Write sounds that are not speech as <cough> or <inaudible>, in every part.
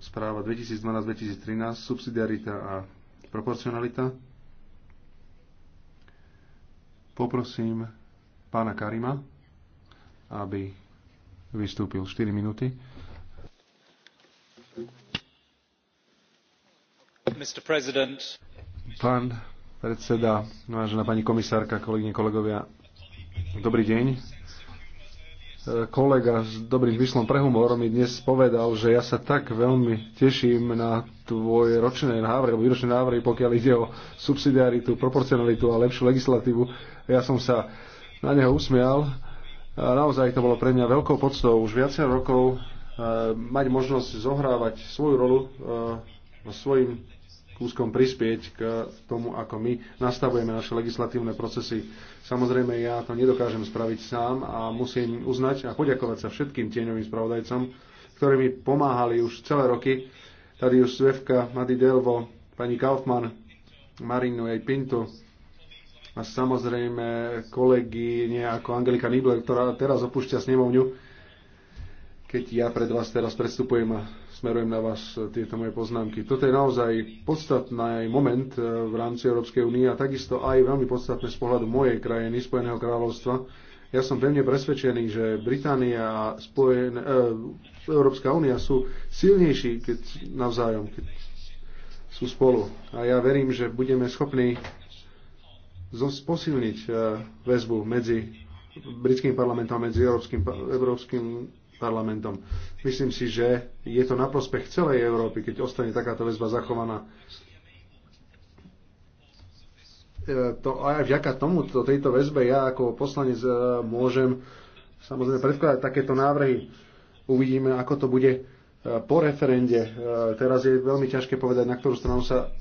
správa 2012-2013, subsidiarita a proporcionalita. Poprosím pána Karima, aby vystúpil 4 minúty. Pán predseda, vážená pani komisárka, kolegyne, kolegovia, dobrý deň kolega s dobrým zmyslom pre humor mi dnes povedal, že ja sa tak veľmi teším na tvoje ročné návrhy, alebo výročné návrhy, pokiaľ ide o subsidiaritu, proporcionalitu a lepšiu legislatívu. Ja som sa na neho usmial. A naozaj to bolo pre mňa veľkou poctou už viacej rokov e, mať možnosť zohrávať svoju rolu e, eh, svojim kúskom prispieť k tomu, ako my nastavujeme naše legislatívne procesy. Samozrejme, ja to nedokážem spraviť sám a musím uznať a poďakovať sa všetkým tieňovým spravodajcom, ktorí mi pomáhali už celé roky. Tady už Svevka, Madi Delvo, pani Kaufmann, Marinu aj Pinto a samozrejme kolegyne ako Angelika Nibler, ktorá teraz opúšťa snemovňu, keď ja pred vás teraz predstupujem a smerujem na vás e, tieto moje poznámky. Toto je naozaj podstatný moment e, v rámci Európskej únie a takisto aj veľmi podstatné z pohľadu mojej krajiny, Spojeného kráľovstva. Ja som pevne presvedčený, že Británia a Spojen, e, Európska únia sú silnejší keď navzájom, keď sú spolu. A ja verím, že budeme schopní posilniť väzbu medzi britským parlamentom a medzi Európskym, Európskym parlamentom. Myslím si, že je to na prospech celej Európy, keď ostane takáto väzba zachovaná. E, to aj vďaka tomu, to, tejto väzbe, ja ako poslanec e, môžem samozrejme predkladať takéto návrhy. Uvidíme, ako to bude e, po referende. Teraz je veľmi ťažké povedať, na ktorú stranu sa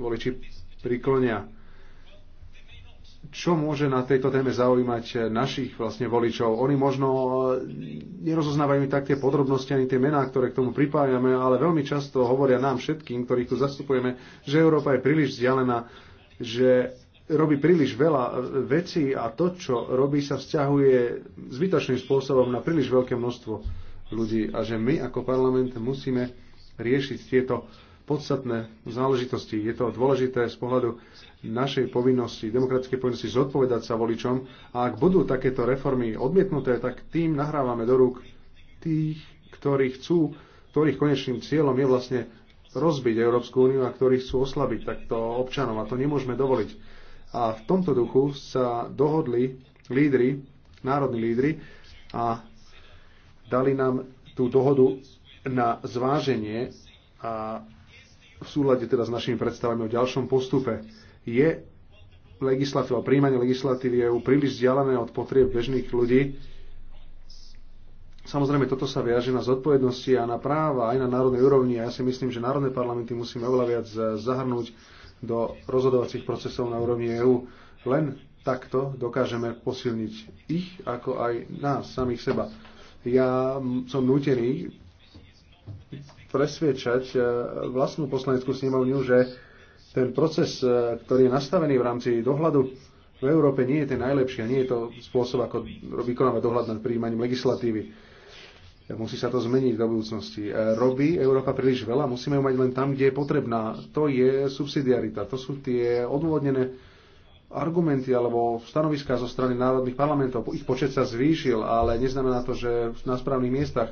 voliči priklonia čo môže na tejto téme zaujímať eh, našich vlastne voličov. Oni možno eh, nerozoznávajú tak tie podrobnosti ani tie mená, ktoré k tomu pripájame, ale veľmi často hovoria nám všetkým, ktorých tu zastupujeme, že Európa je príliš vzdialená, že robí príliš veľa eh, vecí a to, čo robí, sa vzťahuje zbytočným spôsobom na príliš veľké množstvo ľudí a že my ako parlament musíme riešiť tieto podstatné záležitosti. Je to dôležité z pohľadu našej povinnosti, demokratickej povinnosti zodpovedať sa voličom a ak budú takéto reformy odmietnuté, tak tým nahrávame do rúk tých, ktorí chcú, ktorých konečným cieľom je vlastne rozbiť Európsku úniu a ktorí chcú oslabiť takto občanov a to nemôžeme dovoliť. A v tomto duchu sa dohodli lídry, národní lídry a dali nám tú dohodu na zváženie a v súlade teda s našimi predstavami o ďalšom postupe. Je legislatíva, príjmanie legislatívy EU príliš vzdialené od potrieb bežných ľudí. Samozrejme, toto sa viaže na zodpovednosti a na práva aj na národnej úrovni. A ja si myslím, že národné parlamenty musíme oveľa viac e, zahrnúť do rozhodovacích procesov na úrovni EÚ. Len takto dokážeme posilniť ich, ako aj nás, samých seba. Ja som nutený presviečať e, vlastnú poslaneckú snemovňu, že ten proces, e, ktorý je nastavený v rámci dohľadu v Európe, nie je ten najlepší a nie je to spôsob, ako vykonávať dohľad nad príjmaním legislatívy. E, musí sa to zmeniť do budúcnosti. Robí Európa príliš veľa, musíme ju mať len tam, kde je potrebná. To je subsidiarita, to sú tie odôvodnené argumenty alebo stanoviská zo strany národných parlamentov. Ich počet sa zvýšil, ale neznamená to, že na správnych miestach.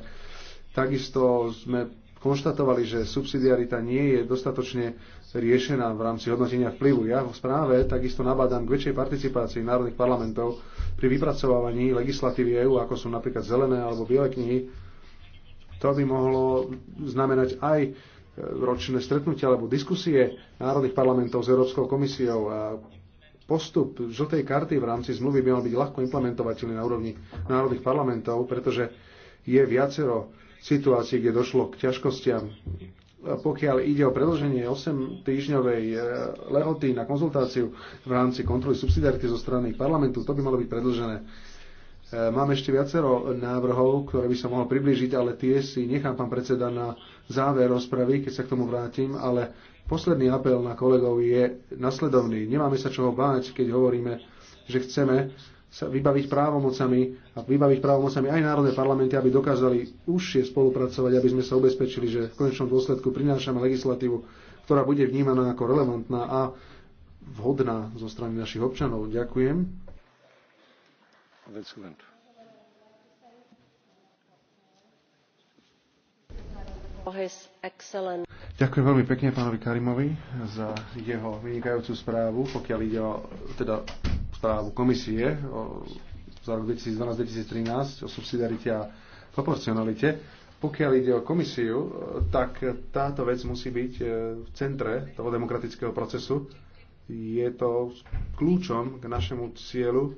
Takisto sme konštatovali, že subsidiarita nie je dostatočne riešená v rámci hodnotenia vplyvu. Ja v správe takisto nabádam k väčšej participácii národných parlamentov pri vypracovávaní legislatívy EÚ, ako sú napríklad zelené alebo biele knihy. To by mohlo znamenať aj e, ročné stretnutia alebo diskusie národných parlamentov s Európskou komisiou a postup žltej karty v rámci zmluvy by mal byť ľahko implementovateľný na úrovni národných parlamentov, pretože je viacero situácií, kde došlo k ťažkostiam. Pokiaľ ide o predlženie 8-týždňovej e, lehoty na konzultáciu v rámci kontroly subsidiarity zo strany parlamentu, to by malo byť predlžené. E, mám ešte viacero návrhov, ktoré by som mohol priblížiť, ale tie si nechám pán predseda na záver rozpravy, keď sa k tomu vrátim, ale posledný apel na kolegov je nasledovný. Nemáme sa čoho báť, keď hovoríme, že chceme sa vybaviť právomocami a vybaviť právomocami aj národné parlamenty, aby dokázali užšie spolupracovať, aby sme sa ubezpečili, že v konečnom dôsledku prinášame legislatívu, ktorá bude vnímaná ako relevantná a vhodná zo strany našich občanov. Ďakujem. Ďakujem veľmi pekne pánovi Karimovi za jeho vynikajúcu správu, pokiaľ ide o teda správu komisie o, za rok 2012-2013 o subsidiarite a proporcionalite. Pokiaľ ide o komisiu, e, tak táto vec musí byť e, v centre toho demokratického procesu. Je to kľúčom k našemu cieľu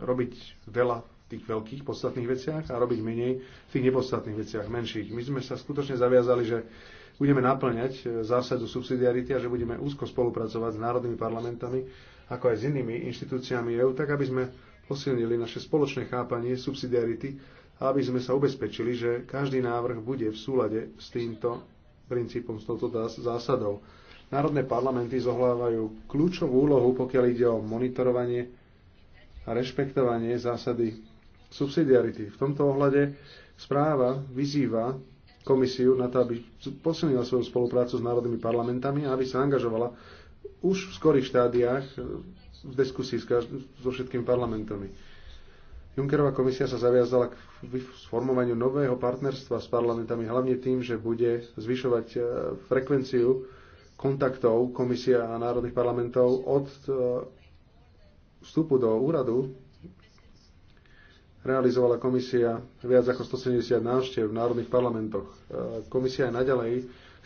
robiť veľa tých veľkých podstatných veciach a robiť menej v tých nepodstatných veciach, menších. My sme sa skutočne zaviazali, že budeme naplňať e, zásadu subsidiarity a že budeme úzko spolupracovať s národnými parlamentami ako aj s inými inštitúciami EÚ, tak aby sme posilnili naše spoločné chápanie subsidiarity a aby sme sa ubezpečili, že každý návrh bude v súlade s týmto princípom, s touto zásadou. Národné parlamenty zohlávajú kľúčovú úlohu, pokiaľ ide o monitorovanie a rešpektovanie zásady subsidiarity. V tomto ohľade správa vyzýva komisiu na to, aby posilnila svoju spoluprácu s národnými parlamentami a aby sa angažovala už v skorých štádiách e, v diskusii so všetkými parlamentami. Junckerová komisia sa zaviazala k sformovaniu nového partnerstva s parlamentami, hlavne tým, že bude zvyšovať e, frekvenciu kontaktov komisia a národných parlamentov od e, vstupu do úradu. Realizovala komisia viac ako 170 návštev v národných parlamentoch. Komisia aj naďalej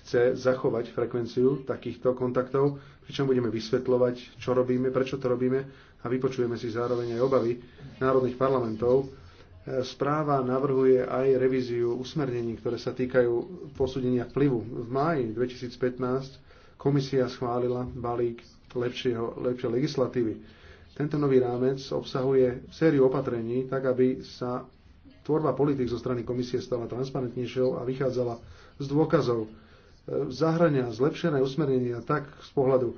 chce zachovať frekvenciu takýchto kontaktov, pričom budeme vysvetľovať, čo robíme, prečo to robíme a vypočujeme si zároveň aj obavy národných parlamentov. E, správa navrhuje aj revíziu usmernení, ktoré sa týkajú posúdenia vplyvu. V máji 2015 komisia schválila balík lepšieho, lepšej legislatívy. Tento nový rámec obsahuje sériu opatrení, tak aby sa tvorba politik zo strany komisie stala transparentnejšou a vychádzala z dôkazov zahrania zlepšené usmernenia tak z pohľadu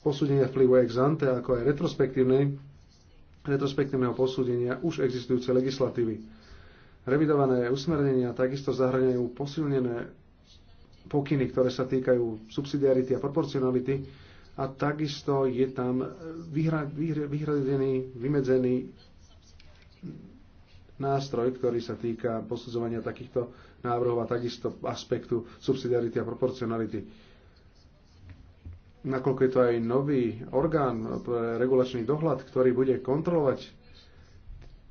posúdenia vplyvu ex ante, ako aj retrospektívnej, retrospektívneho posúdenia už existujúcej legislatívy. Revidované usmernenia takisto zahraniajú posilnené pokyny, ktoré sa týkajú subsidiarity a proporcionality a takisto je tam vyhra, vyhra, vyhradený, vymedzený nástroj, ktorý sa týka posudzovania takýchto návrhov a takisto aspektu subsidiarity a proporcionality. Nakoľko je to aj nový orgán pre regulačný dohľad, ktorý bude kontrolovať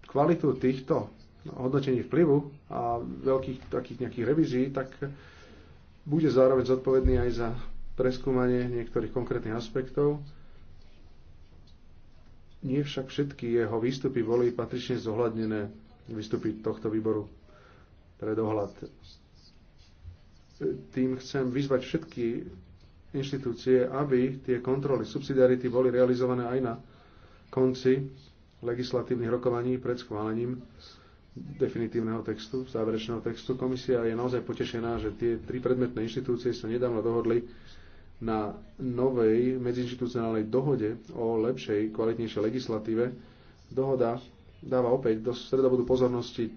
kvalitu týchto hodnotení vplyvu a veľkých takých nejakých revízií, tak bude zároveň zodpovedný aj za preskúmanie niektorých konkrétnych aspektov. Nie však všetky jeho výstupy boli patrične zohľadnené výstupy tohto výboru pre dohľad. Tým chcem vyzvať všetky inštitúcie, aby tie kontroly subsidiarity boli realizované aj na konci legislatívnych rokovaní pred schválením definitívneho textu, záverečného textu. Komisia je naozaj potešená, že tie tri predmetné inštitúcie sa nedávno dohodli na novej medziinstitucionálnej dohode o lepšej, kvalitnejšej legislatíve. Dohoda dáva opäť do stredobodu pozornosti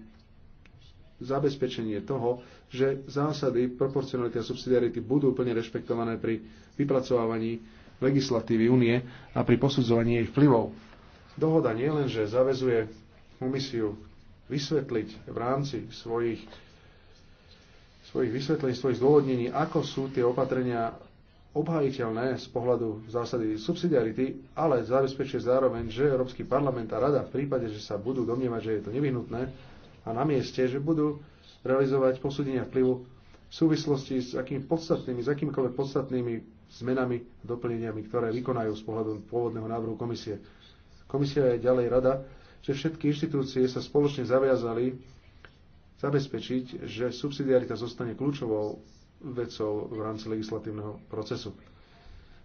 zabezpečenie toho, že zásady proporcionality a subsidiarity budú plne rešpektované pri vypracovávaní legislatívy únie a pri posudzovaní jej vplyvov. Dohoda nie len, že zavezuje komisiu vysvetliť v rámci svojich, svojich vysvetlení, svojich zdôvodnení, ako sú tie opatrenia obhajiteľné z pohľadu zásady subsidiarity, ale zabezpečuje zároveň, že Európsky parlament a Rada v prípade, že sa budú domnievať, že je to nevyhnutné, a na mieste, že budú realizovať posúdenia vplyvu v súvislosti s akými podstatnými, s akýmikoľvek podstatnými zmenami a doplneniami, ktoré vykonajú z pohľadu pôvodného návrhu komisie. Komisia je ďalej rada, že všetky inštitúcie sa spoločne zaviazali zabezpečiť, že subsidiarita zostane kľúčovou vecou v rámci legislatívneho procesu.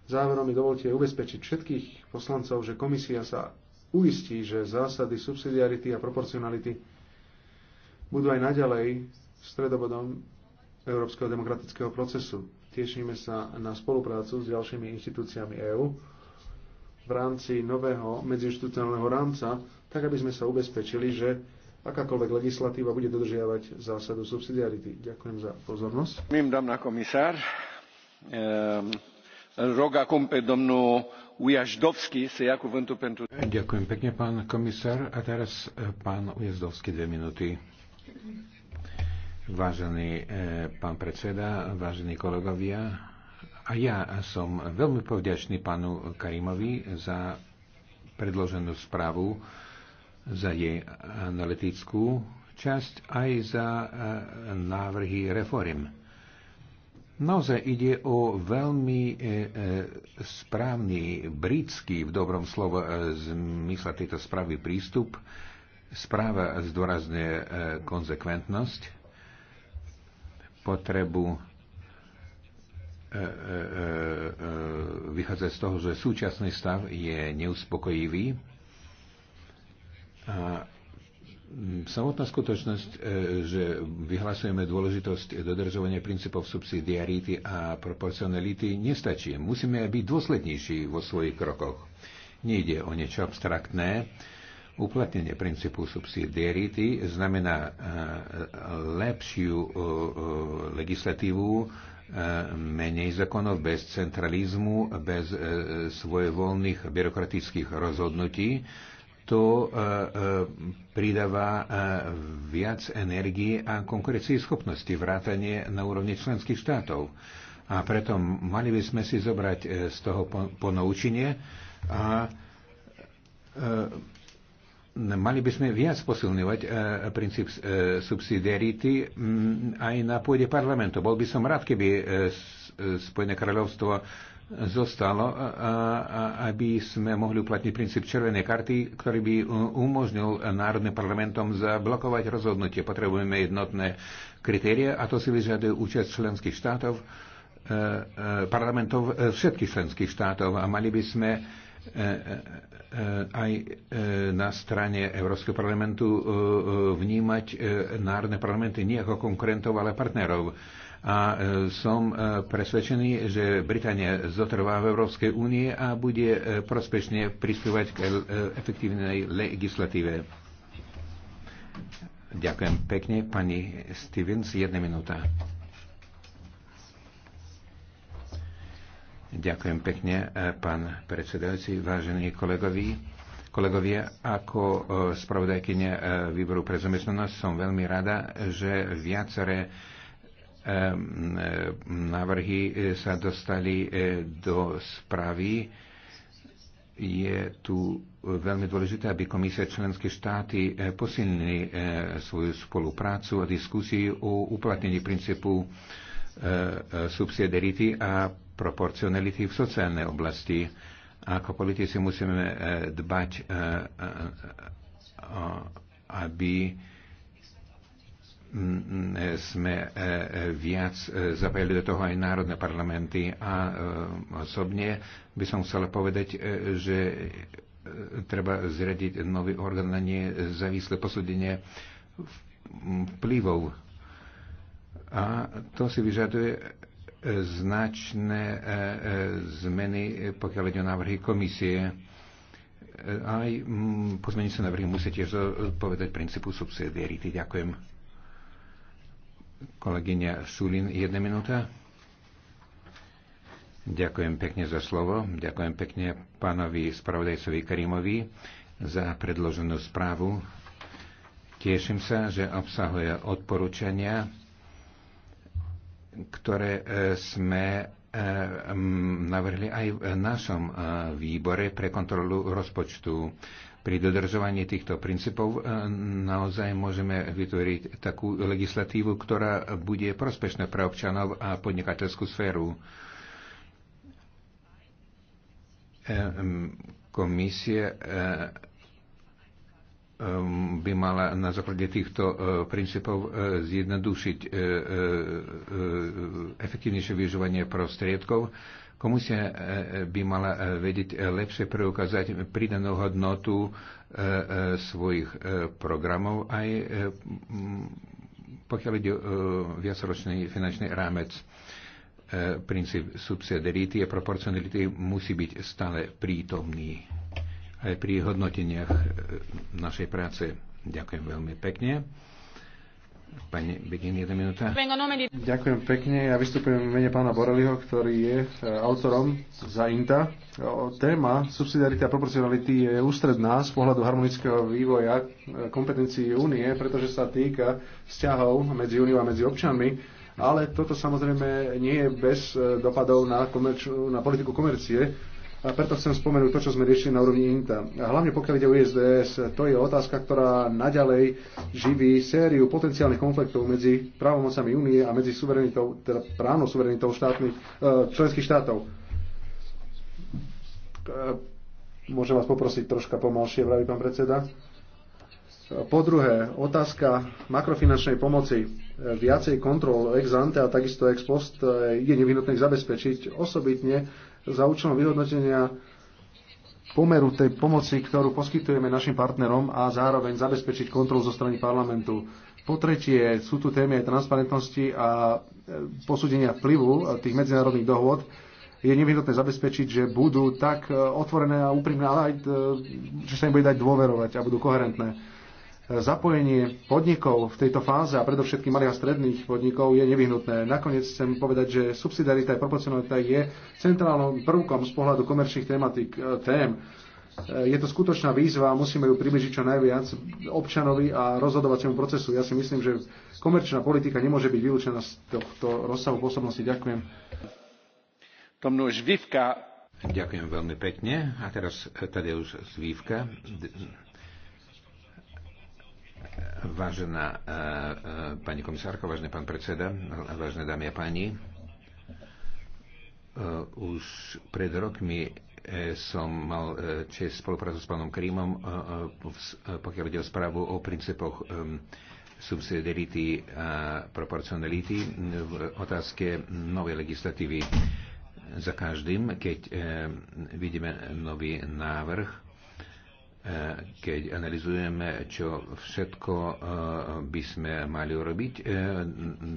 Záverom mi dovolte ubezpečiť všetkých poslancov, že komisia sa uistí, že zásady subsidiarity a proporcionality budú aj naďalej stredobodom európskeho demokratického procesu. Tešíme sa na spoluprácu s ďalšími inštitúciami EÚ v rámci nového medziinstitucionálneho rámca, tak aby sme sa ubezpečili, že akákoľvek legislatíva bude dodržiavať zásadu subsidiarity. Ďakujem za pozornosť. Mým dám na komisár. Ehm, rog acum Ujaždovský să ia cuvântul pentru... Ďakujem pekne, pán komisár. A teraz e, pán Ujazdovský, dve minúty. Vážený e, pán predseda, vážení kolegovia, a ja som veľmi povďačný pánu Karimovi za predloženú správu, za jej analytickú časť, aj za e, návrhy reform. Naozaj ide o veľmi e, e, správny britský, v dobrom slovo zmysle tejto správy, prístup Správa zdôrazňuje e, konzekventnosť, potrebu e, e, vychádzať z toho, že súčasný stav je neuspokojivý. A samotná skutočnosť, že vyhlasujeme dôležitosť dodržovania princípov subsidiarity a proporcionality, nestačí. Musíme byť dôslednejší vo svojich krokoch. Nejde o niečo abstraktné, Uplatnenie princípu subsidiarity znamená e, lepšiu e, e, legislatívu, menej zákonov, bez centralizmu, bez svojevoľných byrokratických rozhodnutí. To pridáva viac energie a schopnosti, vrátanie na úrovni členských štátov. A preto mali by sme si zobrať z toho ponaučenie a mali by sme viac posilňovať e, princíp e, subsidiarity mm, aj na pôde parlamentu. Bol by som rád, keby e, Spojené kráľovstvo zostalo, aby sme mohli uplatniť princíp červenej karty, ktorý by umožnil národným parlamentom zablokovať rozhodnutie. Potrebujeme jednotné kritéria a to si vyžaduje účasť členských štátov, parlamentov všetkých členských štátov a mali by sme E, e, e, aj na strane Európskeho parlamentu vnímať národné parlamenty nie ako konkurentov, ale partnerov. A som presvedčený, že Británia zotrvá v Európskej únie a bude prospešne prispievať k efektívnej legislatíve. Ďakujem pekne, pani Stevens, jedna minúta. Ďakujem pekne, e, pán predsedajúci, vážení kolegovi. Kolegovia, ako e, spravodajkynia e, výboru pre zamestnanosť som veľmi rada, že viaceré návrhy sa dostali do správy. Je tu veľmi dôležité, aby komisie členské štáty posilnili svoju spoluprácu a diskusiu o uplatnení princípu subsidiarity a proporcionality v sociálnej oblasti. Ako politici musíme e, dbať, e, e, aby sme viac zapojili do toho aj národné parlamenty a osobne by som chcel povedať, že treba zriadiť nový orgán na nezávislé posúdenie vplyvov. A to si vyžaduje značné e, e, zmeny, e, pokiaľ ide o návrhy komisie. Aj mm, pozmeniť sa návrhy musí tiež povedať princípu subsidiarity. Ďakujem. Kolegyňa Sulin, jedna minúta. Ďakujem pekne za slovo. Ďakujem pekne pánovi spravodajcovi Karimovi za predloženú správu. Teším sa, že obsahuje odporúčania ktoré e, sme e, navrhli aj v našom e, výbore pre kontrolu rozpočtu. Pri dodržovaní týchto princípov naozaj môžeme vytvoriť takú legislatívu, ktorá bude prospešná pre občanov a podnikateľskú sféru. Komisie Ehm, by mala na základe týchto e, princípov e, zjednodušiť e, efektívnejšie využívanie prostriedkov. Komisia by mala vedieť lepšie preukázať pridanú hodnotu svojich programov aj pokiaľ ide o viacročný finančný rámec princíp subsidiarity a proporcionality musí byť stále prítomný aj pri hodnoteniach e, našej práce. Ďakujem veľmi pekne. Pani Begin, jedna minúta. Ďakujem pekne. Ja vystupujem v mene pána Boreliho, ktorý je e, autorom za INTA. Téma subsidiarity a proporcionality je ústredná z pohľadu harmonického vývoja e, kompetencií únie, pretože sa týka vzťahov medzi úniou a medzi občanmi. Ale toto samozrejme nie je bez dopadov na, komerč- na politiku komercie a preto chcem spomenúť to, čo sme riešili na úrovni INTA. A hlavne pokiaľ ide o ISDS, to je otázka, ktorá naďalej živí sériu potenciálnych konfliktov medzi právomocami únie a medzi suverenitou, teda právnou suverenitou štátnych, eh, členských štátov. Eh, môžem vás poprosiť troška pomalšie, vraví pán predseda. Eh, po druhé, otázka makrofinančnej pomoci, viacej kontrol ex ante a takisto ex post je nevyhnutné zabezpečiť osobitne za účelom vyhodnotenia pomeru tej pomoci, ktorú poskytujeme našim partnerom a zároveň zabezpečiť kontrolu zo strany parlamentu. Po tretie, sú tu témy aj transparentnosti a e, posúdenia vplyvu tých medzinárodných dohôd. Je nevyhnutné zabezpečiť, že budú tak e, otvorené a úprimné, ale aj, e, že sa im bude dať dôverovať a budú koherentné zapojenie podnikov v tejto fáze a predovšetkým malých a stredných podnikov je nevyhnutné. Nakoniec chcem povedať, že subsidiarita a proporcionalita je centrálnym prvkom z pohľadu komerčných tematik, e, tém. E, je to skutočná výzva a musíme ju približiť čo najviac občanovi a rozhodovaciemu procesu. Ja si myslím, že komerčná politika nemôže byť vylúčená z tohto rozsahu pôsobnosti. Ďakujem. Ďakujem veľmi pekne. A teraz e, Tadeusz Zvívka. Vážená e, e, pani komisárka, vážený pán predseda, vážené dámy a páni, e, už pred rokmi som mal čest spoluprácu s pánom Krímom, pokiaľ ide o správu o princípoch subsidiarity a proporcionality v otázke novej legislatívy. Za každým, keď vidíme nový návrh, keď analizujeme, čo všetko e, by sme mali urobiť, e,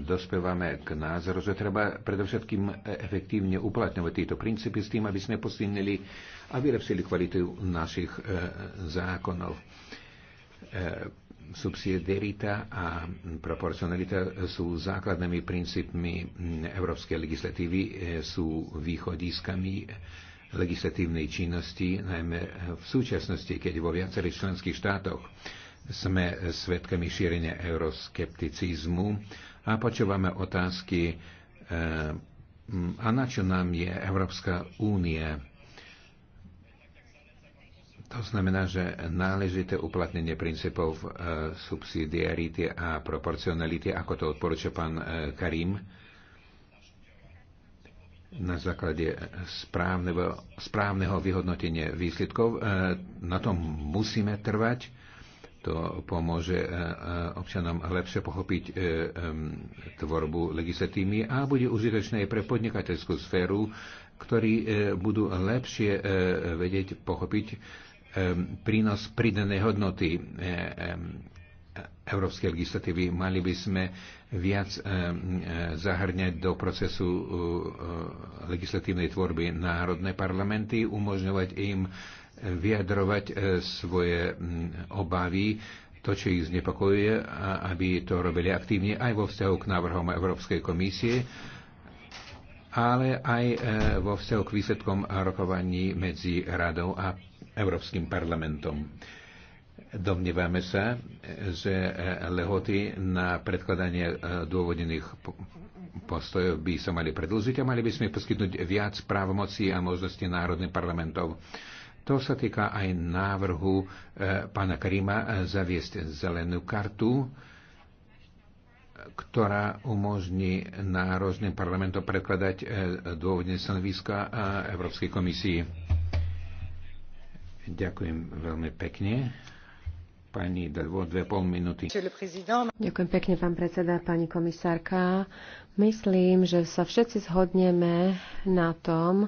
dospievame k názoru, že treba predovšetkým efektívne uplatňovať tieto princípy s tým, aby sme posilnili a vylepšili kvalitu našich e, zákonov. Subsidiarita a proporcionalita sú základnými princípmi európskej legislatívy, sú východiskami legislatívnej činnosti, najmä v súčasnosti, keď vo viacerých členských štátoch sme svedkami šírenia euroskepticizmu a počúvame otázky, eh, a na čo nám je Európska únia. To znamená, že náležité uplatnenie princípov eh, subsidiarity a proporcionality, ako to odporúča pán eh, Karim, na základe správneho, správneho vyhodnotenia výsledkov. E, na tom musíme trvať. To pomôže e, e, občanom lepšie pochopiť tvorbu legislatívy a bude užitočné aj pre podnikateľskú sféru, ktorí budú lepšie vedieť pochopiť prínos pridanej hodnoty európskej legislatívy. Mali by sme viac eh, eh, zahrňať do procesu eh, legislatívnej tvorby národné parlamenty, umožňovať im vyjadrovať svoje mm, obavy, to, čo ich znepokojuje, aby to robili aktívne aj vo vzťahu k návrhom Európskej komisie, ale aj vo vzťahu k výsledkom rokovaní medzi Radou a Európskym parlamentom. Domnievame sa, že e, lehoty na predkladanie e, dôvodených postojov by sa mali predlžiť a mali by sme poskytnúť viac právomocí a možností národných parlamentov. To sa týka aj návrhu e, pána Karima zaviesť zelenú kartu, ktorá umožní národným parlamentom predkladať dôvodne stanoviska Európskej komisii. Ďakujem veľmi pekne. Pani Delvo, dve pol minúty. Ďakujem pekne, pán predseda, pani komisárka. Myslím, že sa všetci zhodneme na tom,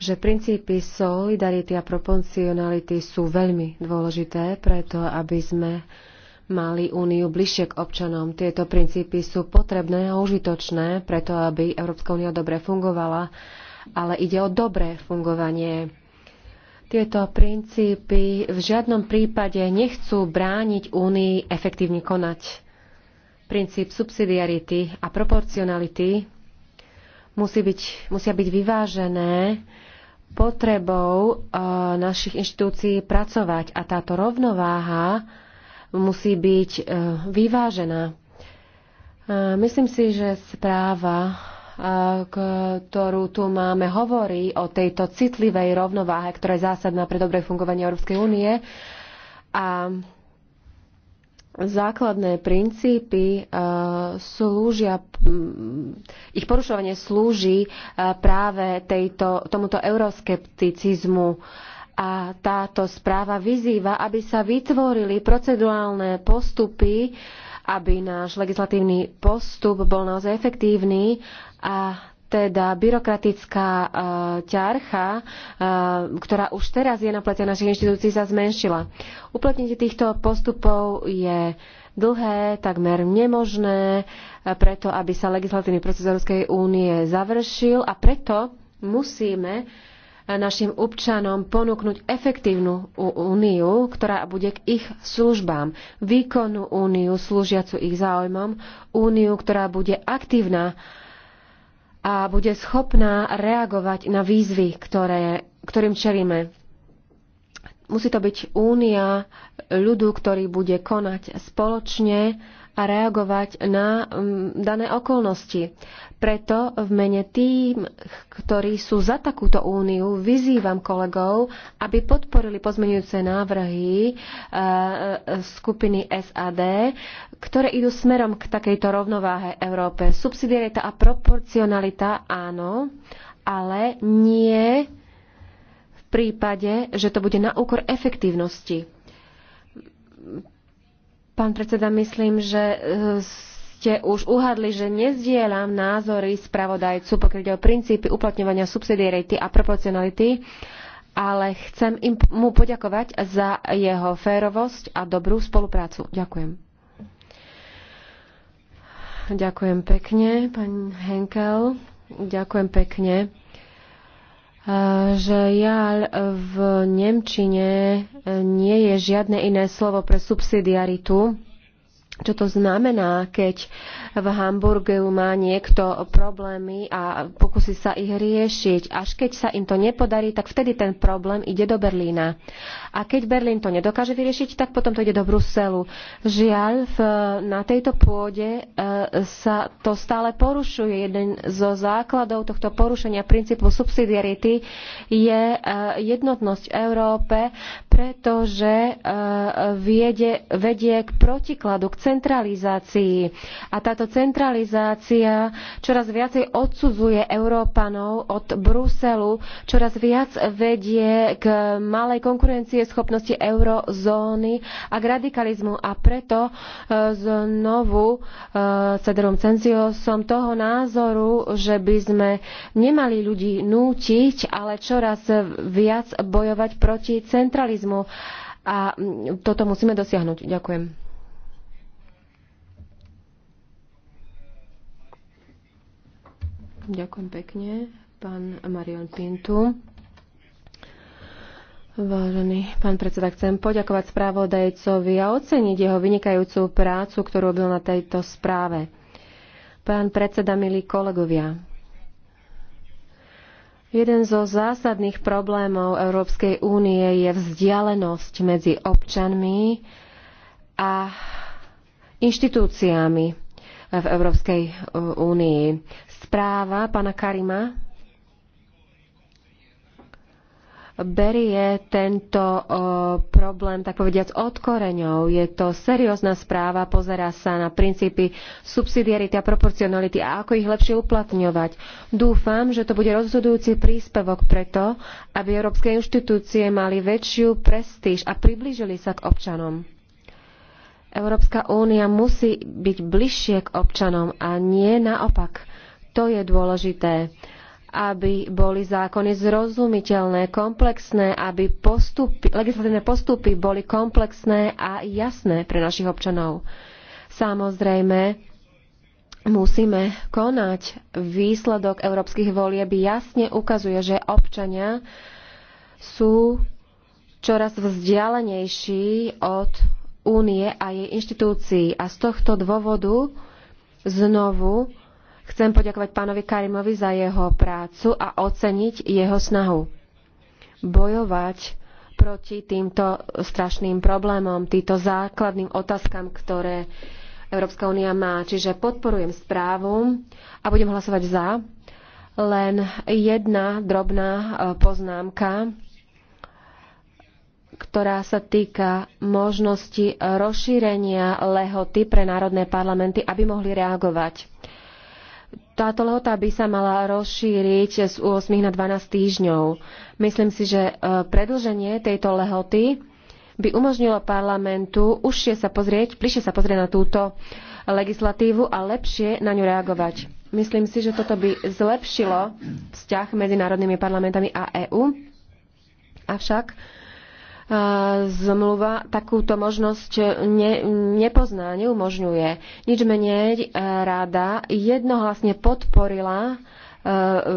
že princípy solidarity a proporcionality sú veľmi dôležité preto, aby sme mali úniu bližšie k občanom. Tieto princípy sú potrebné a užitočné preto, aby Európska únia dobre fungovala, ale ide o dobré fungovanie tieto princípy v žiadnom prípade nechcú brániť Únii efektívne konať. Princíp subsidiarity a proporcionality musí byť, musia byť vyvážené potrebou e, našich inštitúcií pracovať a táto rovnováha musí byť e, vyvážená. E, myslím si, že správa ktorú tu máme, hovorí o tejto citlivej rovnováhe, ktorá je zásadná pre dobré fungovanie Európskej únie. A základné princípy e, slúžia, ich porušovanie slúži e, práve tejto, tomuto euroskepticizmu. A táto správa vyzýva, aby sa vytvorili procedurálne postupy, aby náš legislatívny postup bol naozaj efektívny a teda byrokratická uh, ťarcha, uh, ktorá už teraz je na plete našich inštitúcií, sa zmenšila. Uplatnenie týchto postupov je dlhé, takmer nemožné, e, preto aby sa legislatívny proces Európskej únie završil a preto musíme našim občanom ponúknuť efektívnu úniu, ktorá bude k ich službám, výkonnú úniu slúžiacu ich záujmom, úniu, ktorá bude aktívna a bude schopná reagovať na výzvy, ktoré, ktorým čelíme. Musí to byť únia ľudu, ktorý bude konať spoločne a reagovať na mm, dané okolnosti. Preto v mene tým, ktorí sú za takúto úniu, vyzývam kolegov, aby podporili pozmenujúce návrhy e, e, skupiny SAD, ktoré idú smerom k takejto rovnováhe Európe. Subsidiarita a proporcionalita áno, ale nie v prípade, že to bude na úkor efektívnosti Pán predseda, myslím, že e, ste už uhadli, že nezdielam názory spravodajcu, pokiaľ ide o princípy uplatňovania subsidiarity a proporcionality, ale chcem im, mu poďakovať za jeho férovosť a dobrú spoluprácu. Ďakujem. Ďakujem pekne, pani Henkel. Ďakujem pekne že ja v Nemčine e, nie je žiadne iné slovo pre subsidiaritu, čo to znamená, keď v Hamburgu má niekto problémy a pokusí sa ich riešiť. Až keď sa im to nepodarí, tak vtedy ten problém ide do Berlína. A keď Berlín to nedokáže vyriešiť, tak potom to ide do Bruselu. Žiaľ, v, na tejto pôde e, sa to stále porušuje. Jeden zo základov tohto porušenia princípu subsidiarity je e, jednotnosť v Európe, pretože e, viede, vedie k protikladu, k centralizácii. A táto centralizácia čoraz viacej odsudzuje Európanov od Bruselu, čoraz viac vedie k malej konkurencie schopnosti eurozóny a k radikalizmu. A preto e, znovu e, Cederom Cenzio som toho názoru, že by sme nemali ľudí nútiť, ale čoraz viac bojovať proti centralizmu. A toto musíme dosiahnuť. Ďakujem. Ďakujem pekne, pán Marion Pintu. Vážený pán predseda, chcem poďakovať správodajcovi a oceniť jeho vynikajúcu prácu, ktorú robil na tejto správe. Pán predseda, milí kolegovia, Jeden zo zásadných problémov Európskej únie je vzdialenosť medzi občanmi a inštitúciami v Európskej e, únii správa pána Karima berie tento o, problém, tak povediac, od koreňov. Je to seriózna správa, pozera sa na princípy subsidiarity a proporcionality a ako ich lepšie uplatňovať. Dúfam, že to bude rozhodujúci príspevok preto, aby európske inštitúcie mali väčšiu prestíž a priblížili sa k občanom. Európska únia musí byť bližšie k občanom a nie naopak. To je dôležité aby boli zákony zrozumiteľné, komplexné, aby postupy, legislatívne postupy boli komplexné a jasné pre našich občanov. Samozrejme, musíme konať. Výsledok európskych volieb jasne ukazuje, že občania sú čoraz vzdialenejší od únie a jej inštitúcií. A z tohto dôvodu znovu Chcem poďakovať pánovi Karimovi za jeho prácu a oceniť jeho snahu bojovať proti týmto strašným problémom, týmto základným otázkam, ktoré Európska únia má. Čiže podporujem správu a budem hlasovať za. Len jedna drobná e, poznámka, ktorá sa týka možnosti rozšírenia lehoty pre národné parlamenty, aby mohli reagovať táto lehota by sa mala rozšíriť z 8 na 12 týždňov. Myslím si, že e, predlženie tejto lehoty by umožnilo parlamentu užšie sa pozrieť, bližšie sa pozrieť na túto legislatívu a lepšie na ňu reagovať. Myslím si, že toto by zlepšilo vzťah medzi národnými parlamentami a EÚ. Avšak zmluva takúto možnosť ne, nepozná, neumožňuje. Nič menej e, rada jednohlasne podporila e,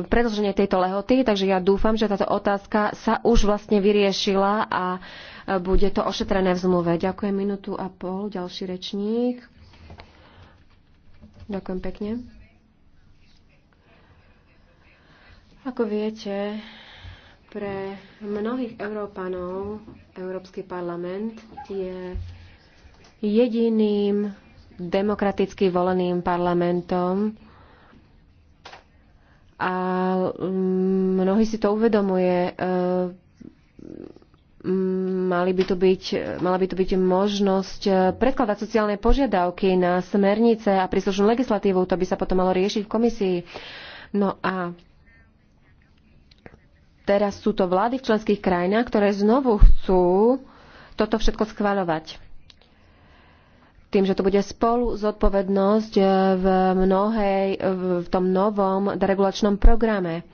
predlženie tejto lehoty, takže ja dúfam, že táto otázka sa už vlastne vyriešila a e, bude to ošetrené v zmluve. Ďakujem minútu a pol. Ďalší rečník. Ďakujem pekne. Ako viete, pre mnohých Európanov Európsky parlament je jediným demokraticky voleným parlamentom a mm, mnohí si to uvedomuje. E, mm, mali by to byť, mala by tu byť možnosť e, predkladať sociálne požiadavky na smernice a príslušnú legislatívu. To by sa potom malo riešiť v komisii. No a teraz sú to vlády v členských krajinách, ktoré znovu chcú toto všetko schváľovať. Tým, že to bude spolu zodpovednosť v, mnohej, v tom novom deregulačnom programe.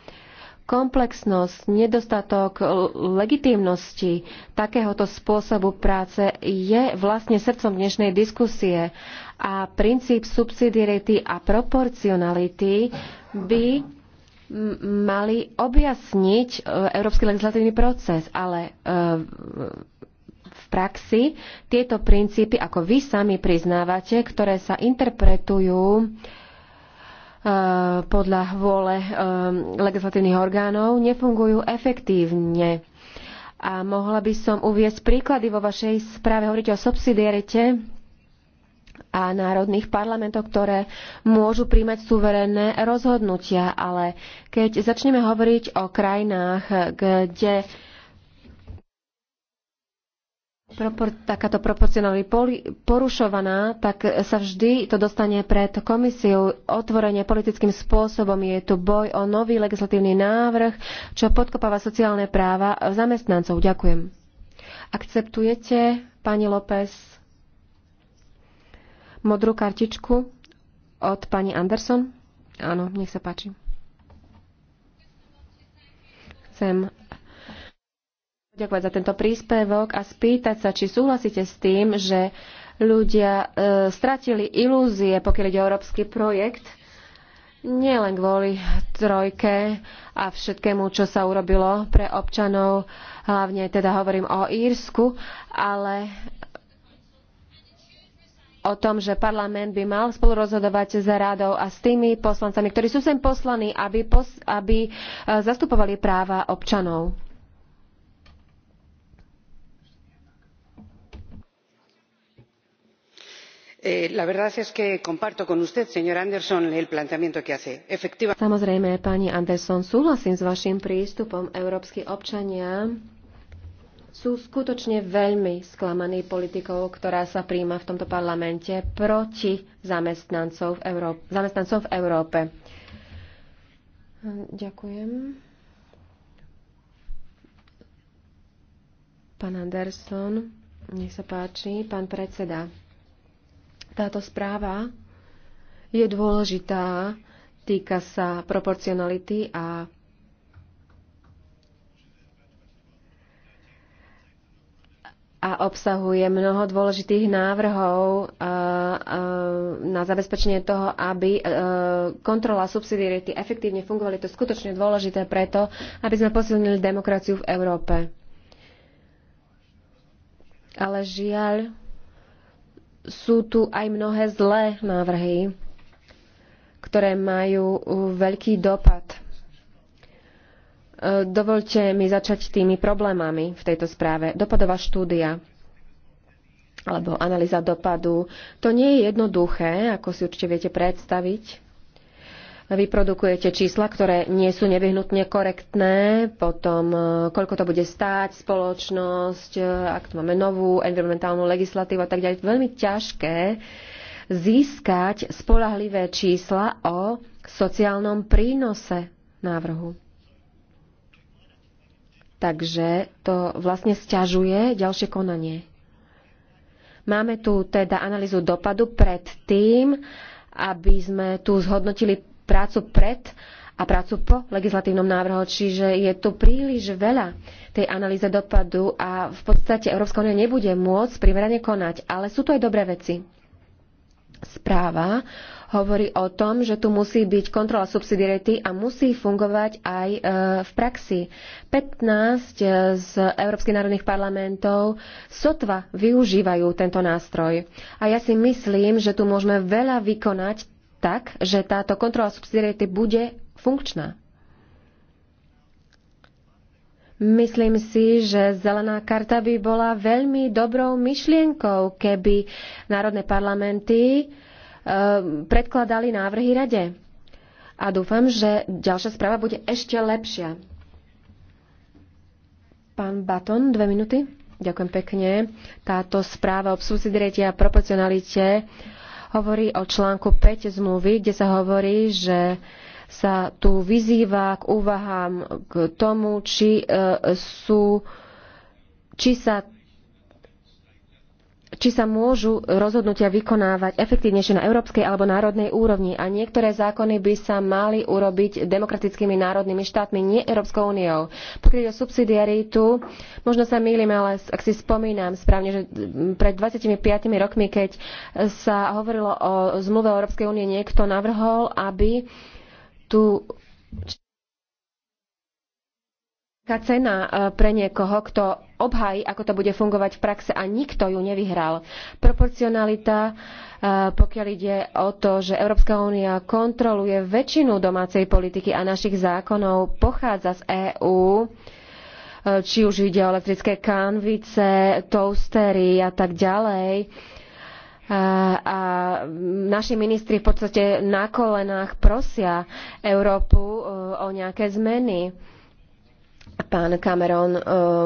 Komplexnosť, nedostatok legitímnosti takéhoto spôsobu práce je vlastne srdcom dnešnej diskusie a princíp subsidiarity a proporcionality by mali objasniť e, európsky legislatívny proces, ale e, v praxi tieto princípy, ako vy sami priznávate, ktoré sa interpretujú e, podľa vôle legislatívnych orgánov, nefungujú efektívne. A mohla by som uviesť príklady vo vašej správe. Hovoríte o subsidiarite, a národných parlamentov, ktoré môžu príjmať suverénne rozhodnutia. Ale keď začneme hovoriť o krajinách, kde propor- takáto proporcionálne porušovaná, tak sa vždy to dostane pred komisiou. Otvorenie politickým spôsobom je tu boj o nový legislatívny návrh, čo podkopáva sociálne práva zamestnancov. Ďakujem. Akceptujete, pani López? modrú kartičku od pani Anderson? Áno, nech sa páči. Chcem ďakovať za tento príspevok a spýtať sa, či súhlasíte s tým, že ľudia e, stratili ilúzie, pokiaľ ide o európsky projekt, nielen kvôli trojke a všetkému, čo sa urobilo pre občanov, hlavne teda hovorím o Írsku, ale o tom, že parlament by mal spolurozhodovať s radou a s tými poslancami, ktorí sú sem poslaní, aby, pos, aby e, zastupovali práva občanov. Eh, la verdad es que comparto con usted señor el planteamiento que hace. samozrejme pani anderson súhlasím s vašim prístupom európski občania sú skutočne veľmi sklamaní politikou, ktorá sa príjma v tomto parlamente proti zamestnancov v, Euró- zamestnancov v Európe. Ďakujem. Pán Anderson, nech sa páči. Pán predseda, táto správa je dôležitá, týka sa proporcionality a a obsahuje mnoho dôležitých návrhov e, e, na zabezpečenie toho, aby e, kontrola subsidiarity efektívne fungovali. To je skutočne dôležité preto, aby sme posilnili demokraciu v Európe. Ale žiaľ, sú tu aj mnohé zlé návrhy, ktoré majú veľký dopad Dovolte mi začať tými problémami v tejto správe. Dopadová štúdia alebo analýza dopadu. To nie je jednoduché, ako si určite viete predstaviť. Vy produkujete čísla, ktoré nie sú nevyhnutne korektné, potom e, koľko to bude stáť spoločnosť, e, ak tu máme novú environmentálnu legislatívu a tak ďalej. Veľmi ťažké získať spolahlivé čísla o sociálnom prínose návrhu. Takže to vlastne stiažuje ďalšie konanie. Máme tu teda analýzu dopadu pred tým, aby sme tu zhodnotili prácu pred a prácu po legislatívnom návrhu, čiže je tu príliš veľa tej analýze dopadu a v podstate Európska únia nebude môcť primerane konať. Ale sú tu aj dobré veci. Správa hovorí o tom, že tu musí byť kontrola subsidiarity a musí fungovať aj e, v praxi. 15 e, z Európskych národných parlamentov sotva využívajú tento nástroj. A ja si myslím, že tu môžeme veľa vykonať tak, že táto kontrola subsidiarity bude funkčná. Myslím si, že zelená karta by bola veľmi dobrou myšlienkou, keby národné parlamenty Ehm, predkladali návrhy rade. A dúfam, že ďalšia správa bude ešte lepšia. Pán Baton, dve minúty. Ďakujem pekne. Táto správa o subsidiarite a proporcionalite hovorí o článku 5 zmluvy, kde sa hovorí, že sa tu vyzýva k úvahám k tomu, či, e, sú, či sa či sa môžu rozhodnutia vykonávať efektívnejšie na európskej alebo národnej úrovni. A niektoré zákony by sa mali urobiť demokratickými národnými štátmi, nie Európskou úniou. Pokiaľ o subsidiaritu, možno sa mýlim, ale ak si spomínam správne, že pred 25 rokmi, keď sa hovorilo o zmluve Európskej únie, niekto navrhol, aby tu tá cena e, pre niekoho, kto obhájí, ako to bude fungovať v praxe a nikto ju nevyhral. Proporcionalita, e, pokiaľ ide o to, že Európska únia kontroluje väčšinu domácej politiky a našich zákonov, pochádza z EÚ, e, či už ide o elektrické kanvice, toastery a tak ďalej. A naši ministri v podstate na kolenách prosia Európu o nejaké zmeny pán Cameron e,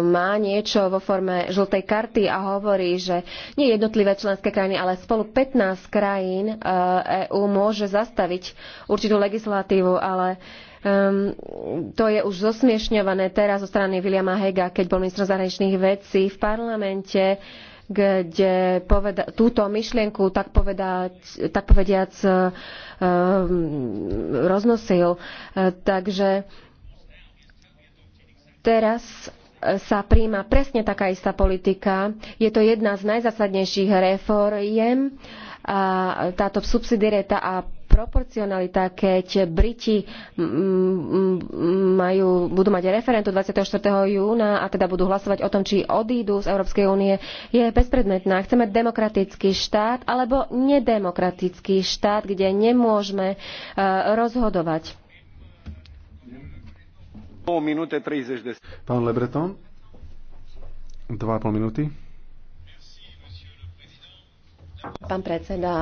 má niečo vo forme žltej karty a hovorí, že nie jednotlivé členské krajiny, ale spolu 15 krajín EÚ e môže zastaviť určitú legislatívu, ale to je už zosmiešňované teraz zo strany Williama Hega, keď bol ministrom zahraničných vecí v parlamente, kde poveda- túto myšlienku, tak, povedať, tak povediac, um, roznosil. Takže Teraz e, sa príjma presne taká istá politika. Je to jedna z najzásadnejších reforiem. A táto subsidiarita a proporcionalita, keď Briti majú, budú mať referentu 24. júna a teda budú hlasovať o tom, či odídu z Európskej únie, je bezpredmetná. Chceme demokratický štát alebo nedemokratický štát, kde nemôžeme e, rozhodovať Pán Lebreton, pol minúty. Pán predseda,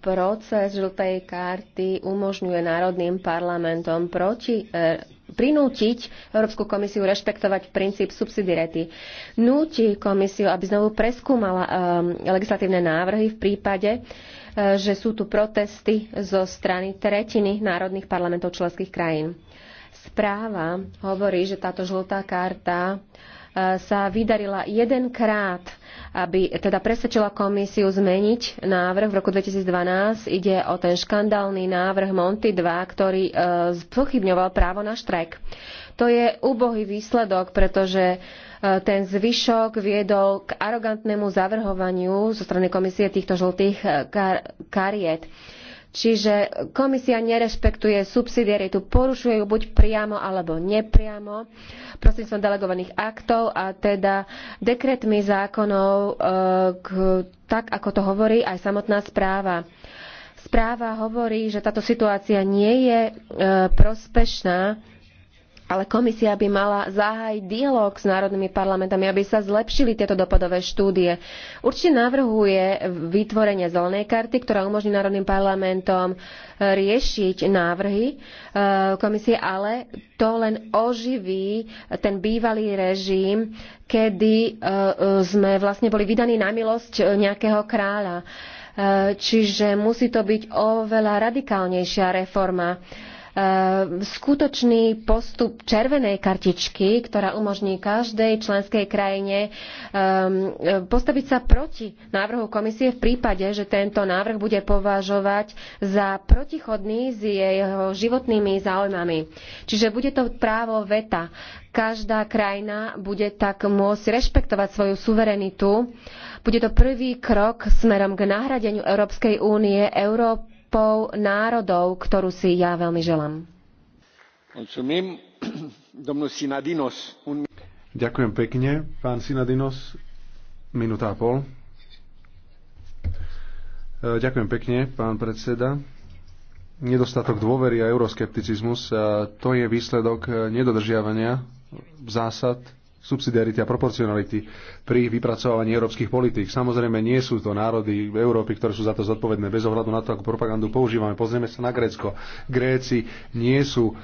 proces žltej karty umožňuje národným parlamentom proti, e, prinútiť Európsku komisiu rešpektovať princíp subsidiarity. Núti komisiu, aby znovu preskúmala e, legislatívne návrhy v prípade, e, že sú tu protesty zo strany tretiny národných parlamentov členských krajín Správa hovorí, že táto žltá karta e, sa vydarila jedenkrát, aby teda presvedčila komisiu zmeniť návrh v roku 2012. Ide o ten škandálny návrh Monty 2, ktorý e, spochybňoval právo na štrajk. To je úbohý výsledok, pretože e, ten zvyšok viedol k arogantnému zavrhovaniu zo strany komisie týchto žltých kar- kariet. Čiže komisia nerešpektuje subsidiaritu, porušuje ju buď priamo alebo nepriamo prostredníctvom delegovaných aktov a teda dekretmi zákonov, e, k, tak ako to hovorí aj samotná správa. Správa hovorí, že táto situácia nie je e, prospešná ale komisia by mala zahájiť dialog s národnými parlamentami, aby sa zlepšili tieto dopadové štúdie. Určite navrhuje vytvorenie zelenej karty, ktorá umožní národným parlamentom e, riešiť návrhy e, komisie, ale to len oživí ten bývalý režim, kedy e, sme vlastne boli vydaní na milosť nejakého kráľa. Čiže musí to byť oveľa radikálnejšia reforma Ehm, skutočný postup červenej kartičky, ktorá umožní každej členskej krajine ehm, e, postaviť sa proti návrhu komisie v prípade, že tento návrh bude považovať za protichodný s jeho životnými záujmami. Čiže bude to právo veta. Každá krajina bude tak môcť rešpektovať svoju suverenitu. Bude to prvý krok smerom k nahradeniu Európskej únie Európy Európou národov, ktorú si ja veľmi želám. <clears throat> Ďakujem pekne. Pán Sinadinos, minúta a pol. E, ďakujem pekne, pán predseda. Nedostatok dôvery a euroskepticizmus, e, to je výsledok e, nedodržiavania zásad subsidiarity a proporcionality pri vypracovaní európskych politík. Samozrejme, nie sú to národy Európy, ktoré sú za to zodpovedné, bez ohľadu na to, akú propagandu používame. Pozrieme sa na Grécko. Gréci nie sú e,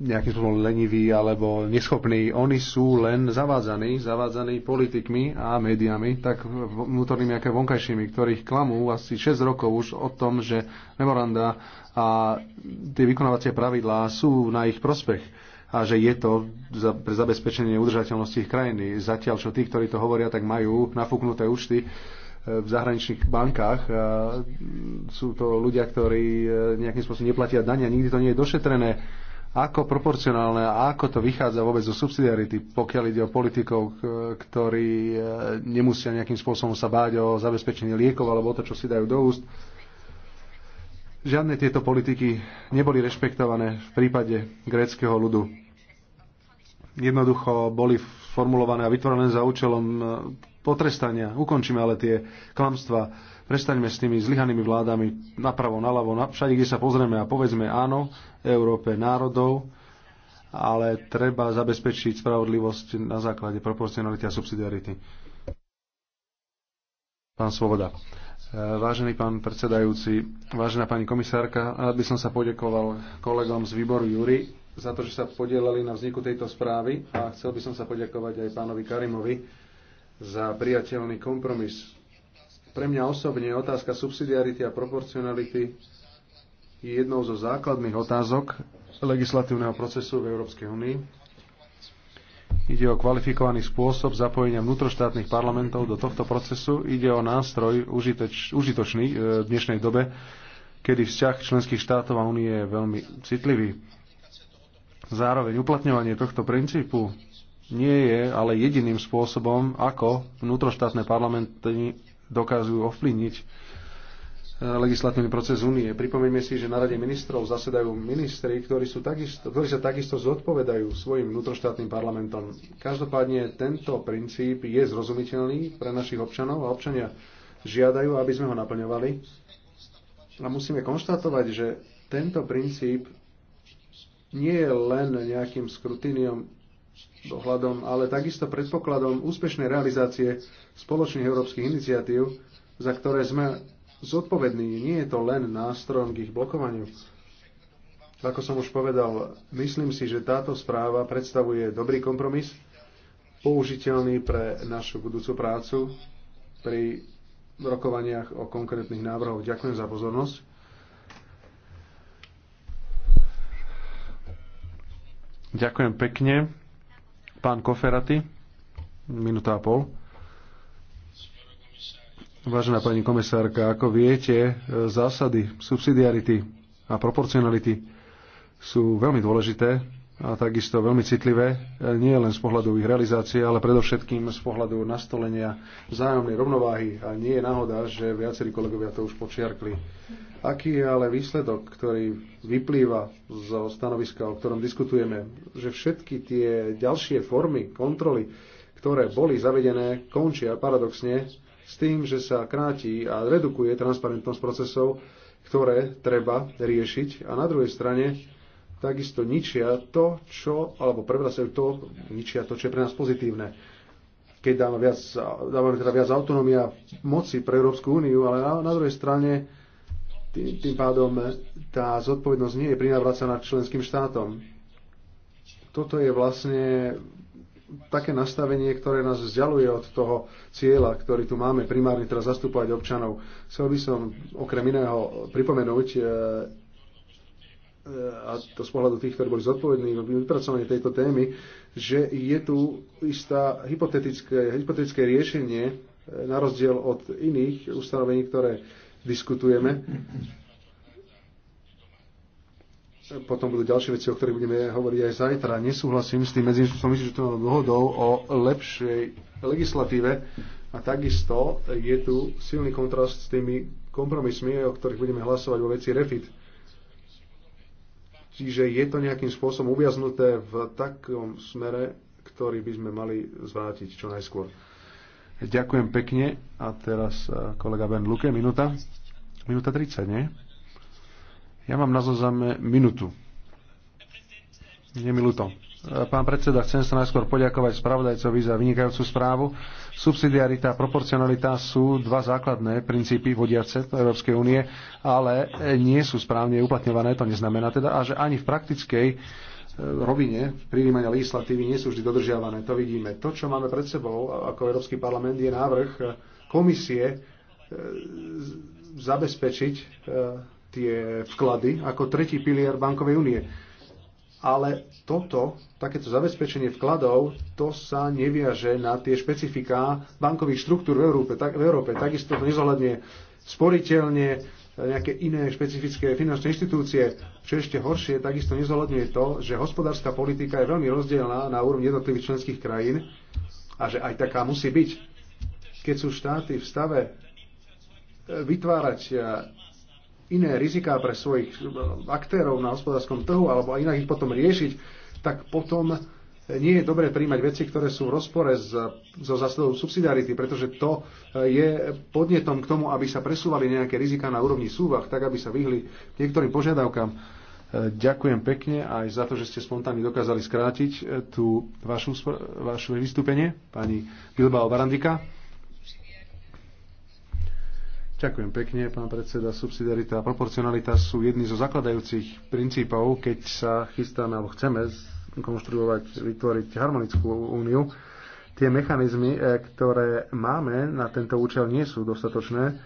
nejakým spôsobom leniví alebo neschopní. Oni sú len zavádzaní, zavádzaní politikmi a médiami, tak vnútornými, aké vonkajšími, ktorých klamú asi 6 rokov už o tom, že memoranda a tie vykonávacie pravidlá sú na ich prospech a že je to za, pre zabezpečenie udržateľnosti ich krajiny. Zatiaľ, čo tí, ktorí to hovoria, tak majú nafúknuté účty e, v zahraničných bankách. Sú to ľudia, ktorí e, nejakým spôsobom neplatia dania, nikdy to nie je došetrené. Ako proporcionálne a ako to vychádza vôbec zo subsidiarity, pokiaľ ide o politikov, ktorí e, nemusia nejakým spôsobom sa báť o zabezpečenie liekov alebo o to, čo si dajú do úst. Žiadne tieto politiky neboli rešpektované v prípade gréckého ľudu jednoducho boli formulované a vytvorené za účelom e, potrestania. Ukončíme ale tie klamstva, prestaňme s tými zlyhanými vládami napravo, nalavo, na, všade, kde sa pozrieme a povedzme áno, Európe národov, ale treba zabezpečiť spravodlivosť na základe proporcionality a subsidiarity. Pán Svoboda. E, vážený pán predsedajúci, vážená pani komisárka, rád by som sa podekoval kolegom z výboru Júri za to, že sa podielali na vzniku tejto správy a chcel by som sa poďakovať aj pánovi Karimovi za priateľný kompromis. Pre mňa osobne otázka subsidiarity a proporcionality je jednou zo základných otázok legislatívneho procesu v Európskej únii. Ide o kvalifikovaný spôsob zapojenia vnútroštátnych parlamentov do tohto procesu. Ide o nástroj užiteč, užitočný e, v dnešnej dobe, kedy vzťah členských štátov a únie je veľmi citlivý Zároveň uplatňovanie tohto princípu nie je ale jediným spôsobom, ako vnútroštátne parlamenty dokážu ovplyvniť eh, legislatívny proces únie. Pripomeňme si, že na Rade ministrov zasedajú ministri, ktorí, sú takisto, ktorí sa takisto zodpovedajú svojim vnútroštátnym parlamentom. Každopádne tento princíp je zrozumiteľný pre našich občanov a občania žiadajú, aby sme ho naplňovali. A musíme konštatovať, že tento princíp nie je len nejakým skrutíniom dohľadom, ale takisto predpokladom úspešnej realizácie spoločných európskych iniciatív, za ktoré sme zodpovední. Nie je to len nástrojom k ich blokovaniu. Ako som už povedal, myslím si, že táto správa predstavuje dobrý kompromis, použiteľný pre našu budúcu prácu pri rokovaniach o konkrétnych návrhoch. Ďakujem za pozornosť. Ďakujem pekne. Pán Koferaty, minúta a pol. Vážená pani komisárka, ako viete, zásady subsidiarity a proporcionality sú veľmi dôležité a takisto veľmi citlivé, e, nie len z pohľadu ich realizácie, ale predovšetkým z pohľadu nastolenia vzájomnej rovnováhy. A nie je náhoda, že viacerí kolegovia to už počiarkli. Aký je ale výsledok, ktorý vyplýva zo stanoviska, o ktorom diskutujeme, že všetky tie ďalšie formy kontroly, ktoré boli zavedené, končia paradoxne s tým, že sa kráti a redukuje transparentnosť procesov, ktoré treba riešiť. A na druhej strane takisto ničia to, čo, alebo prevracajú to, ničia to, čo je pre nás pozitívne. Keď dáme viac, dávame teda viac autonómia moci pre Európsku úniu, ale na, na druhej strane tým, tým pádom tá zodpovednosť nie je prinavracaná členským štátom. Toto je vlastne také nastavenie, ktoré nás vzdialuje od toho cieľa, ktorý tu máme primárne teraz zastupovať občanov. Chcel by som okrem iného pripomenúť e, a to z pohľadu tých, ktorí boli zodpovední v vypracovaní tejto témy, že je tu istá hypotetické, hypotetické riešenie e, na rozdiel od iných ustanovení, ktoré diskutujeme. Potom budú ďalšie veci, o ktorých budeme hovoriť aj zajtra. Nesúhlasím s tým medziinstitucionálnou dohodou o lepšej legislatíve a takisto je tu silný kontrast s tými kompromismi, o ktorých budeme hlasovať vo veci REFIT Čiže je to nejakým spôsobom uviaznuté v takom smere, ktorý by sme mali zvrátiť čo najskôr. Ďakujem pekne. A teraz eh, kolega Ben Luke, minúta. Minúta 30, nie? Ja mám na zozame minútu. Je mi Pán predseda, chcem sa najskôr poďakovať spravodajcovi za vynikajúcu správu. Subsidiarita a proporcionalita sú dva základné princípy vodiace Európskej únie, ale nie sú správne uplatňované. To neznamená teda, a že ani v praktickej e, rovine prijímania legislatívy nie sú vždy dodržiavané. To vidíme. To, čo máme pred sebou ako Európsky parlament, je návrh e, komisie e, zabezpečiť tie vklady ako tretí pilier bankovej únie ale toto, takéto zabezpečenie vkladov, to sa neviaže na tie špecifiká bankových štruktúr v Európe. Tak, v Európe takisto to nezohľadne sporiteľne, nejaké iné špecifické finančné inštitúcie. Čo ešte horšie, takisto nezohľadňuje to, že hospodárska politika je veľmi rozdielná na úrovni jednotlivých členských krajín a že aj taká musí byť. Keď sú štáty v stave vytvárať iné riziká pre svojich eh, aktérov na hospodárskom trhu alebo inak ich potom riešiť, tak potom eh, nie je dobré príjmať veci, ktoré sú v rozpore so zásadou subsidiarity, pretože to eh, je podnetom k tomu, aby sa presúvali nejaké rizika na úrovni súvah, tak aby sa vyhli niektorým požiadavkám. Ďakujem pekne aj za to, že ste spontánne dokázali skrátiť tú vašu, vaše vystúpenie, pani Bilbao Barandika. Ďakujem pekne, pán predseda. Subsidiarita a proporcionalita sú jedny zo zakladajúcich princípov, keď sa chystáme alebo chceme konštruovať, vytvoriť harmonickú úniu. Tie mechanizmy, e, ktoré máme na tento účel, nie sú dostatočné.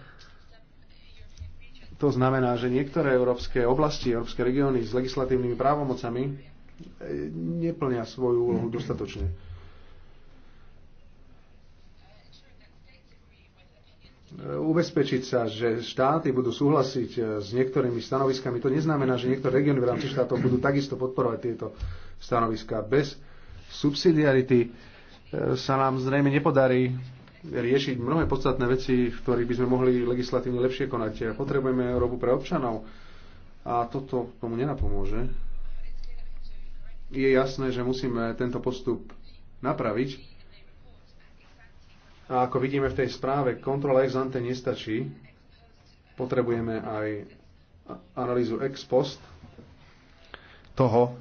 To znamená, že niektoré európske oblasti, európske regióny s legislatívnymi právomocami e, neplnia svoju úlohu <clears throat> dostatočne ubezpečiť sa, že štáty budú súhlasiť eh, s niektorými stanoviskami, to neznamená, že niektoré regióny v rámci štátov budú takisto podporovať tieto stanoviská. Bez subsidiarity eh, sa nám zrejme nepodarí riešiť mnohé podstatné veci, v ktorých by sme mohli legislatívne lepšie konať. Eh, potrebujeme Európu pre občanov a toto tomu nenapomôže. Je jasné, že musíme tento postup napraviť a ako vidíme v tej správe, kontrola ex ante nestačí. Potrebujeme aj analýzu ex post toho,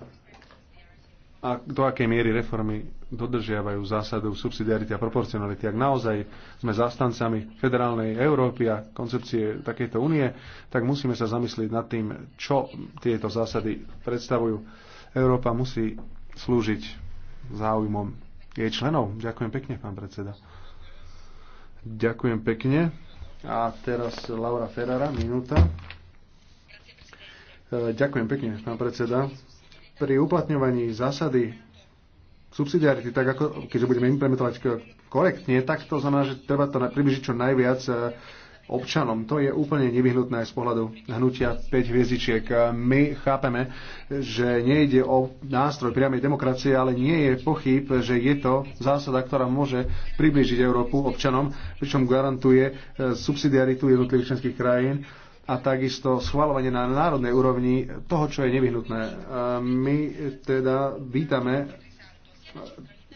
a do akej miery reformy dodržiavajú zásadu subsidiarity a proporcionality. Ak naozaj sme zastancami federálnej Európy a koncepcie takejto únie, tak musíme sa zamyslieť nad tým, čo tieto zásady predstavujú. Európa musí slúžiť záujmom jej členov. Ďakujem pekne, pán predseda. Ďakujem pekne. A teraz Laura Ferrara, minúta. E, ďakujem pekne, pán predseda. Pri uplatňovaní zásady subsidiarity, tak ako, keďže budeme implementovať korektne, tak to znamená, že treba to približiť čo najviac e, občanom. To je úplne nevyhnutné z pohľadu hnutia 5 hviezdičiek. My chápeme, že nejde o nástroj priamej demokracie, ale nie je pochyb, že je to zásada, ktorá môže priblížiť Európu občanom, pričom garantuje eh, subsidiaritu jednotlivých členských krajín a takisto schvalovanie na národnej úrovni toho, čo je nevyhnutné. My teda vítame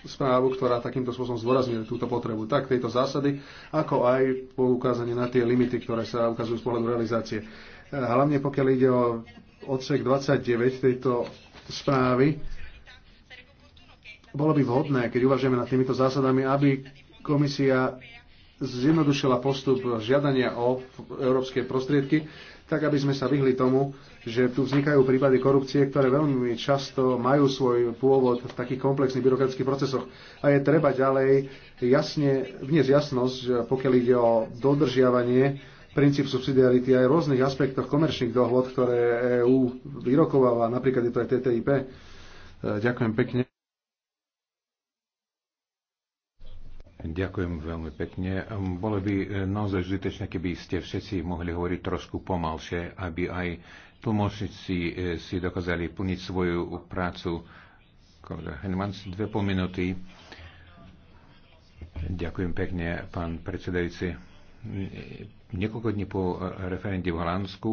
správu, ktorá takýmto spôsobom zdôrazňuje túto potrebu, tak tejto zásady, ako aj poukázanie na tie limity, ktoré sa ukazujú z pohľadu realizácie. E, hlavne pokiaľ ide o odsek 29 tejto správy, bolo by vhodné, keď uvažujeme nad týmito zásadami, aby komisia zjednodušila postup žiadania o európske prostriedky, tak aby sme sa vyhli tomu, že tu vznikajú prípady korupcie, ktoré veľmi často majú svoj pôvod v takých komplexných byrokratických procesoch. A je treba ďalej jasne, vniesť jasnosť, že pokiaľ ide o dodržiavanie princíp subsidiarity aj v rôznych aspektoch komerčných dohod, ktoré EÚ vyrokováva, napríklad je to aj TTIP. E, ďakujem pekne. Ďakujem veľmi pekne. Ehm, bolo by e, naozaj užitečné, keby ste všetci mohli hovoriť trošku pomalšie, aby aj tlmočníci e, si dokázali plniť svoju prácu. Kolega Henmans, dve pol minúty. Ďakujem pekne, pán predsedajúci. Niekoľko dní po referende v Holandsku,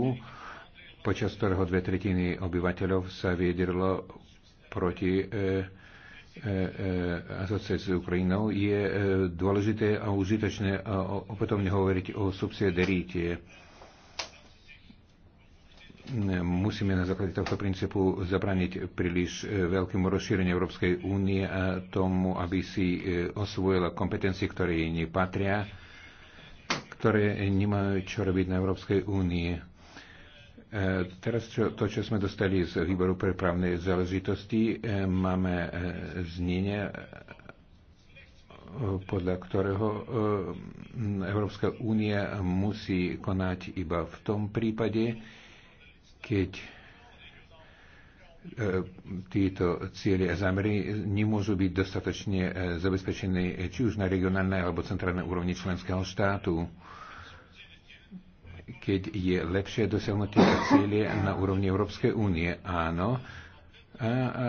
počas ktorého dve tretiny obyvateľov sa vyjadrilo proti e, e, e asociácie Ukrajinou, je dôležité a užitočné opätovne hovoriť o subsidiarite musíme na základe tohto princípu zabraniť príliš e, veľkému rozšíreniu Európskej únie a tomu, aby si e, osvojila kompetencie, ktoré jej nepatria, ktoré nemajú čo robiť na Európskej únie. Teraz čo, to, čo sme dostali z výboru pre právne záležitosti, e, máme znenie, podľa ktorého Európska únia musí konať iba v tom prípade, keď e, títo cieľe a zámery nemôžu byť dostatočne e, zabezpečené e, či už na regionálnej alebo centrálnej úrovni členského štátu keď je lepšie dosiahnuť tieto cieľe na úrovni Európskej únie. Áno. A, a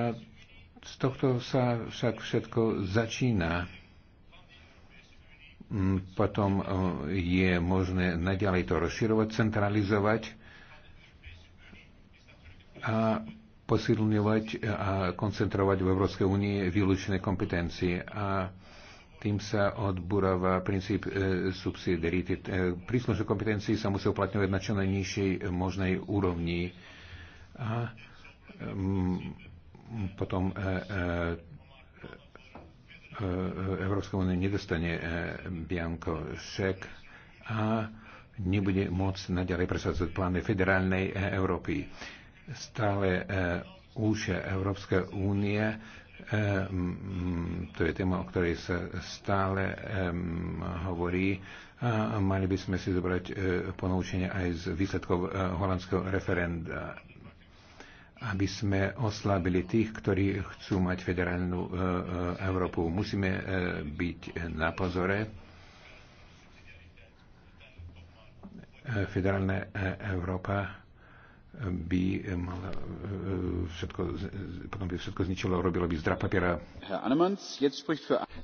z tohto sa však všetko začína. Mm, potom je možné naďalej to rozširovať, centralizovať a posilňovať a koncentrovať v Európskej únie výlučné kompetencie a tým sa odburáva princíp e, subsidiarity. E, príslušné kompetencie sa musí uplatňovať na čo najnižšej možnej úrovni a mm, e, potom e, e, Európska únia nedostane e, bianko šek a nebude môcť naďalej presadzovať plány federálnej e, Európy. E, stále e, účia Európske únie e, to je téma, o ktorej sa stále e, hovorí. A mali by sme si zobrať ponaučenie aj z výsledkov holandského referenda, aby sme oslabili tých, ktorí chcú mať federálnu Európu. Musíme byť na pozore. Federálna Európa by mal e, všetko, e, potom by všetko zničilo, robilo by zdra papiera.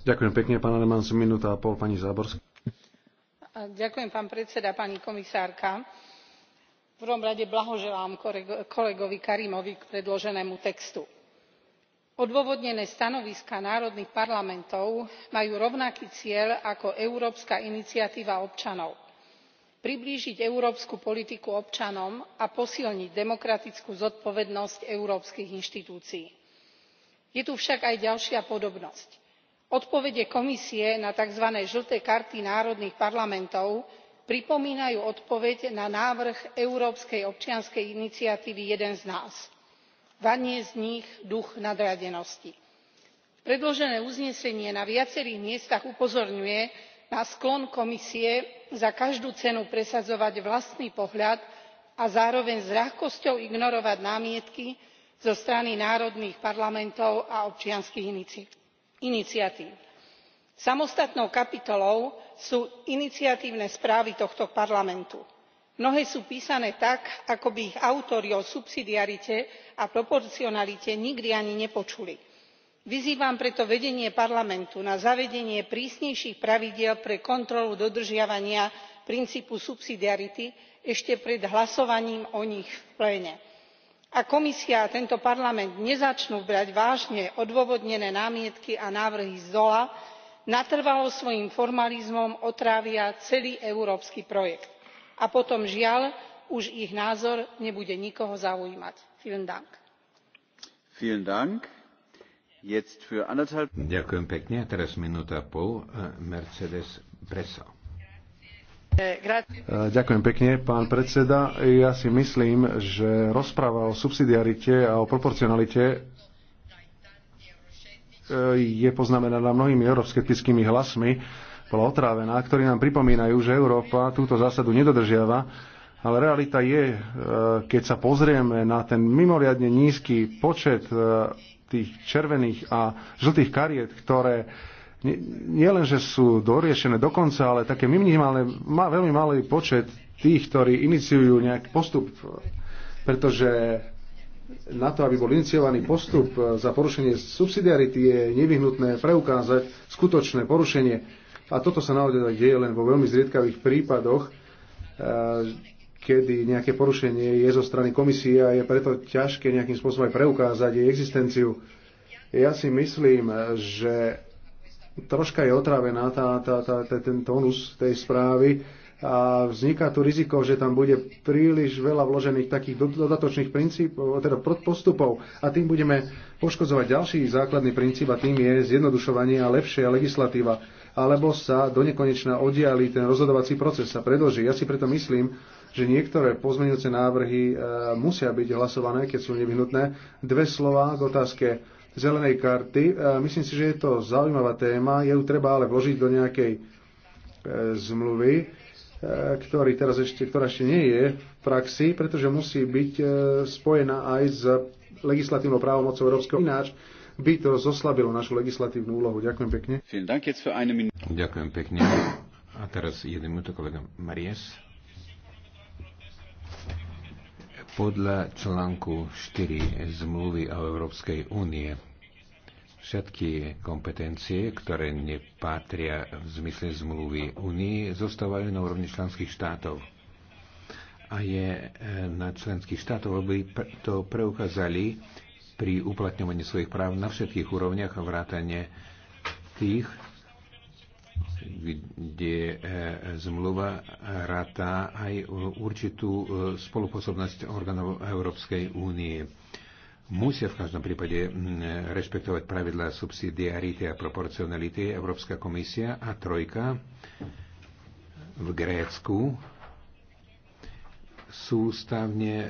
Ďakujem pekne, pán Anemans, minúta a pol, pani Záborská. Ďakujem, pán predseda, pani komisárka. V prvom rade blahoželám kolegovi Karimovi k predloženému textu. Odôvodnené stanoviska národných parlamentov majú rovnaký cieľ ako Európska iniciatíva občanov priblížiť európsku politiku občanom a posilniť demokratickú zodpovednosť európskych inštitúcií. je tu však aj ďalšia podobnosť odpovede komisie na takzvané žlté karty národných parlamentov pripomínajú odpoveď na návrh európskej občianskej iniciatívy jeden z nás. vanie z nich duch nadradenosti. predložené uznesenie na viacerých miestach upozorňuje na sklon komisie za každú cenu presadzovať vlastný pohľad a zároveň s ľahkosťou ignorovať námietky zo strany národných parlamentov a občianskych iniciatív. samostatnou kapitolou sú iniciatívne správy tohto parlamentu. mnohé sú písané tak ako by ich autori o subsidiarite a proporcionalite nikdy ani nepočuli vyzývam preto vedenie parlamentu na zavedenie prísnejších pravidiel pre kontrolu dodržiavania princípu subsidiarity ešte pred hlasovaním o nich v pléne. ak komisia a tento parlament nezačnú brať vážne odôvodnené námietky a návrhy zdola natrvalo svojim formalizmom otrávia celý európsky projekt a potom žiaľ už ich názor nebude nikoho zaujímať. Ďakujem pekne. teraz minúta a pol. Eh, Mercedes eh, Ďakujem pekne, pán predseda. Ja si myslím, že rozpráva o subsidiarite a o proporcionalite eh, je poznamenaná mnohými euroskeptickými hlasmi, bola otrávená, ktorí nám pripomínajú, že Európa túto zásadu nedodržiava, ale realita je, keď sa pozrieme na ten mimoriadne nízky počet tých červených a žltých kariet, ktoré nielenže že sú doriešené dokonca, ale také minimálne, má veľmi malý počet tých, ktorí iniciujú nejaký postup, pretože na to, aby bol iniciovaný postup e, za porušenie subsidiarity, je nevyhnutné preukázať skutočné porušenie. A toto sa naozaj deje len vo veľmi zriedkavých prípadoch e, kedy nejaké porušenie je zo strany komisie a je preto ťažké nejakým spôsobom aj preukázať jej existenciu. Ja si myslím, že troška je otravená tá, tá, tá, tá, ten tónus tej správy a vzniká tu riziko, že tam bude príliš veľa vložených takých dodatočných princípov, teda postupov a tým budeme poškodzovať ďalší základný princíp a tým je zjednodušovanie a lepšia legislatíva alebo sa do nekonečna oddiali ten rozhodovací proces sa predlží. Ja si preto myslím, že niektoré pozmeňujúce návrhy e, musia byť hlasované, keď sú nevyhnutné. Dve slova k otázke zelenej karty. E, myslím si, že je to zaujímavá téma, je ju treba ale vložiť do nejakej e, zmluvy, ktorý teraz ešte, ktorá ešte nie je v praxi, pretože musí byť spojená aj s legislatívnou právomocou Európskeho ináč by to zoslabilo našu legislatívnu úlohu. Ďakujem pekne. Ďakujem pekne. A teraz jeden minúta kolega Maries. podľa článku 4 zmluvy o Európskej únie. Všetky kompetencie, ktoré nepatria v zmysle zmluvy únie, zostávajú na úrovni členských štátov. A je e, na členských štátov, aby to preukázali pri uplatňovaní svojich práv na všetkých úrovniach vrátane tých, kde e, zmluva ráta aj určitú e, spolupôsobnosť orgánov Európskej únie. Musia v každom prípade rešpektovať pravidlá subsidiarity a proporcionality Európska komisia a Trojka v Grécku sústavne e,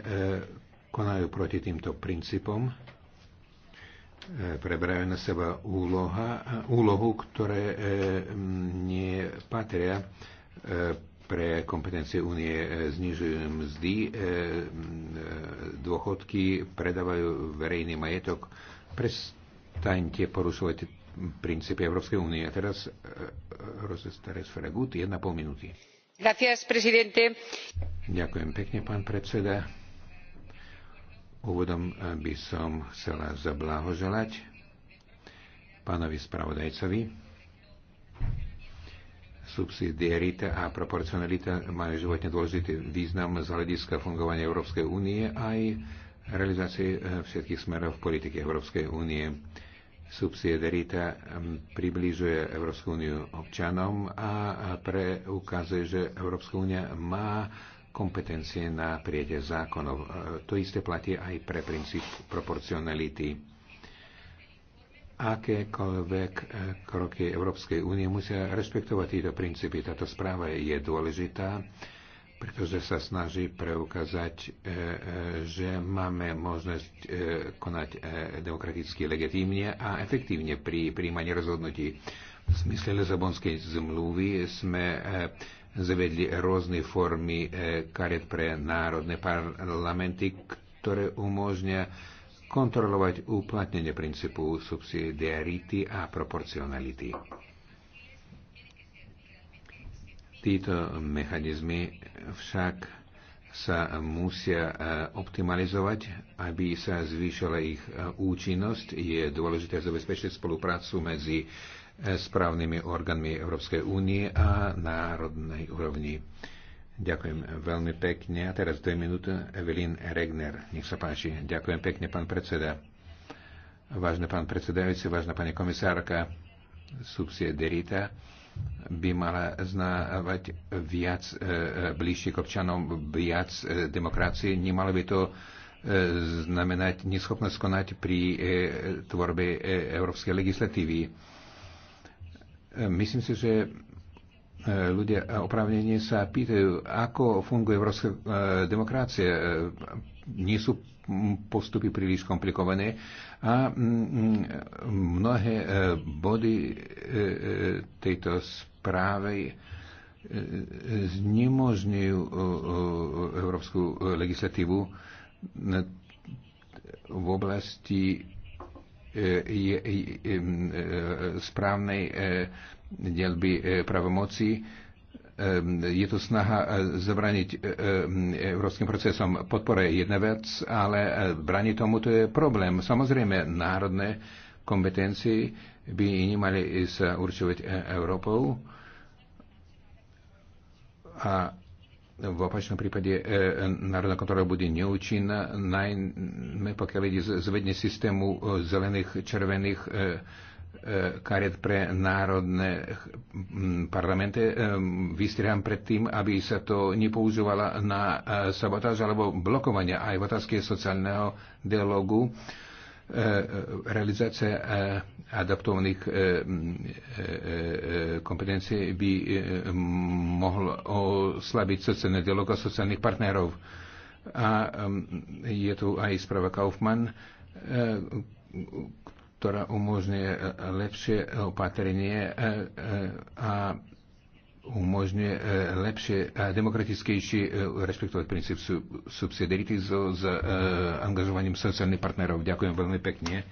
konajú proti týmto princípom preberajú na seba úloha, úlohu, ktoré e, nepatria e, pre kompetencie únie e, znižujú mzdy, dôchodky, predávajú verejný majetok. Prestaňte porušovať princípy Európskej únie. A teraz Rosestares Fregut, jedna pol minúty. Ďakujem pekne, pán predseda Úvodom eh, by som chcela zablahoželať pánovi spravodajcovi. Subsidiarita a proporcionalita majú životne dôležitý význam z hľadiska fungovania Európskej únie aj realizácie eh, všetkých smerov v politike Európskej únie. Subsidiarita mm, približuje Európsku úniu občanom a preukazuje, že Európska únia má kompetencie na priede zákonov. E, to isté platí aj pre princíp proporcionality. Akékoľvek e, kroky Európskej únie musia rešpektovať tieto princípy. Táto správa je dôležitá, pretože sa snaží preukázať, e, že máme možnosť konať demokraticky legitímne a efektívne pri príjmaní rozhodnutí. V smysle Lisabonskej zmluvy sme zavedli rôzne formy e, karet pre národné parlamenty, ktoré umožňa kontrolovať uplatnenie princípu subsidiarity a proporcionality. Títo mechanizmy však sa musia e, optimalizovať, aby sa zvýšila ich e, účinnosť. Je dôležité zabezpečiť spoluprácu medzi správnymi orgánmi Európskej únie a národnej úrovni. Ďakujem veľmi pekne. A teraz dve minúty Evelyn Regner. Nech sa páči. Ďakujem pekne, pán predseda. Vážne pán predsedajúci, vážna pani komisárka, subsiderita, by mala znávať viac e, e, bližšie k občanom, viac e, demokracie. Nemalo by to e, znamenať neschopnosť konať pri e, tvorbe e, európskej legislatívy Myslím si, že e, ľudia e, oprávnenie sa pýtajú, ako funguje európska e, demokracia. Nie sú postupy príliš komplikované a mm, mm, mnohé body tejto správy znemožňujú európsku legislatívu v oblasti e, e, e, správnej e, delby pravomocí. E, Je to snaha e, zabraniť e, e, európskym procesom podpore jedna vec, ale e, brani tomu to je problém. Samozrejme, národné kompetencie by nemali sa určovať e, Európou a v opačnom prípade e, národná kontrola bude neúčinná, najmä pokiaľ ide zvedne systému e, zelených, červených e, e, karet pre národné parlamente. E, vystriham pred tým, aby sa to nepoužívala na e, sabotáž alebo blokovanie aj v otázke sociálneho dialogu. E, E, e, realizácia e, adaptovaných kompetencií by mohla oslabiť sociálny dialog a sociálnych partnerów. A je tu aj správa Kaufman, która umožňuje lepšie opatrenie a umožňuje e, lepšie a e, demokratickejšie rešpektovať princíp subsidiarity so, s e, angažovaním sociálnych partnerov. Ďakujem veľmi pekne.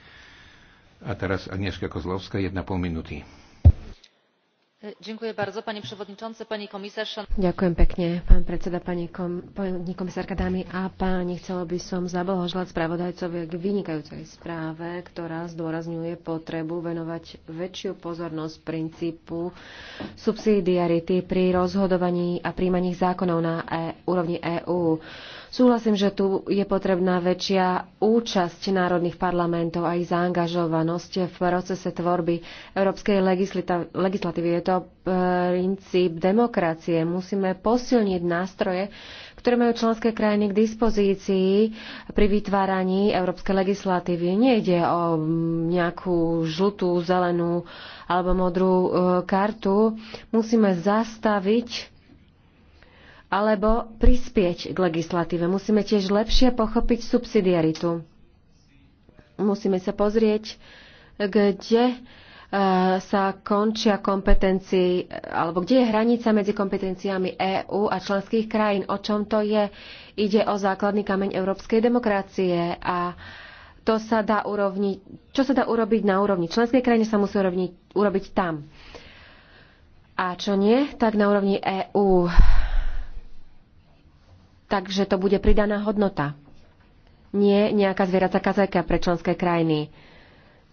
A teraz Agnieszka Kozlovská, jedna pol minúty. Ďakujem pekne, pán predseda, pani, komisárka, dámy a páni. Chcela by som zablahoželať spravodajcovi k vynikajúcej správe, ktorá zdôrazňuje potrebu venovať väčšiu pozornosť princípu subsidiarity pri rozhodovaní a prijímaní zákonov na e- úrovni EÚ. Súhlasím, že tu je potrebná väčšia účasť národných parlamentov a ich zaangažovanosť v procese tvorby európskej legislatívy. Je to princíp demokracie. Musíme posilniť nástroje, ktoré majú členské krajiny k dispozícii pri vytváraní európskej legislatívy. Nejde o nejakú žltú, zelenú alebo modrú e, kartu. Musíme zastaviť alebo prispieť k legislatíve. Musíme tiež lepšie pochopiť subsidiaritu. Musíme sa pozrieť, kde e, sa končia kompetencii, alebo kde je hranica medzi kompetenciami EÚ a členských krajín, o čom to je. Ide o základný kameň európskej demokracie a to sa dá urovniť, čo sa dá urobiť na úrovni členskej krajiny, sa musí urovniť, urobiť tam. A čo nie, tak na úrovni EÚ takže to bude pridaná hodnota. Nie nejaká zvieratá kazajka pre členské krajiny.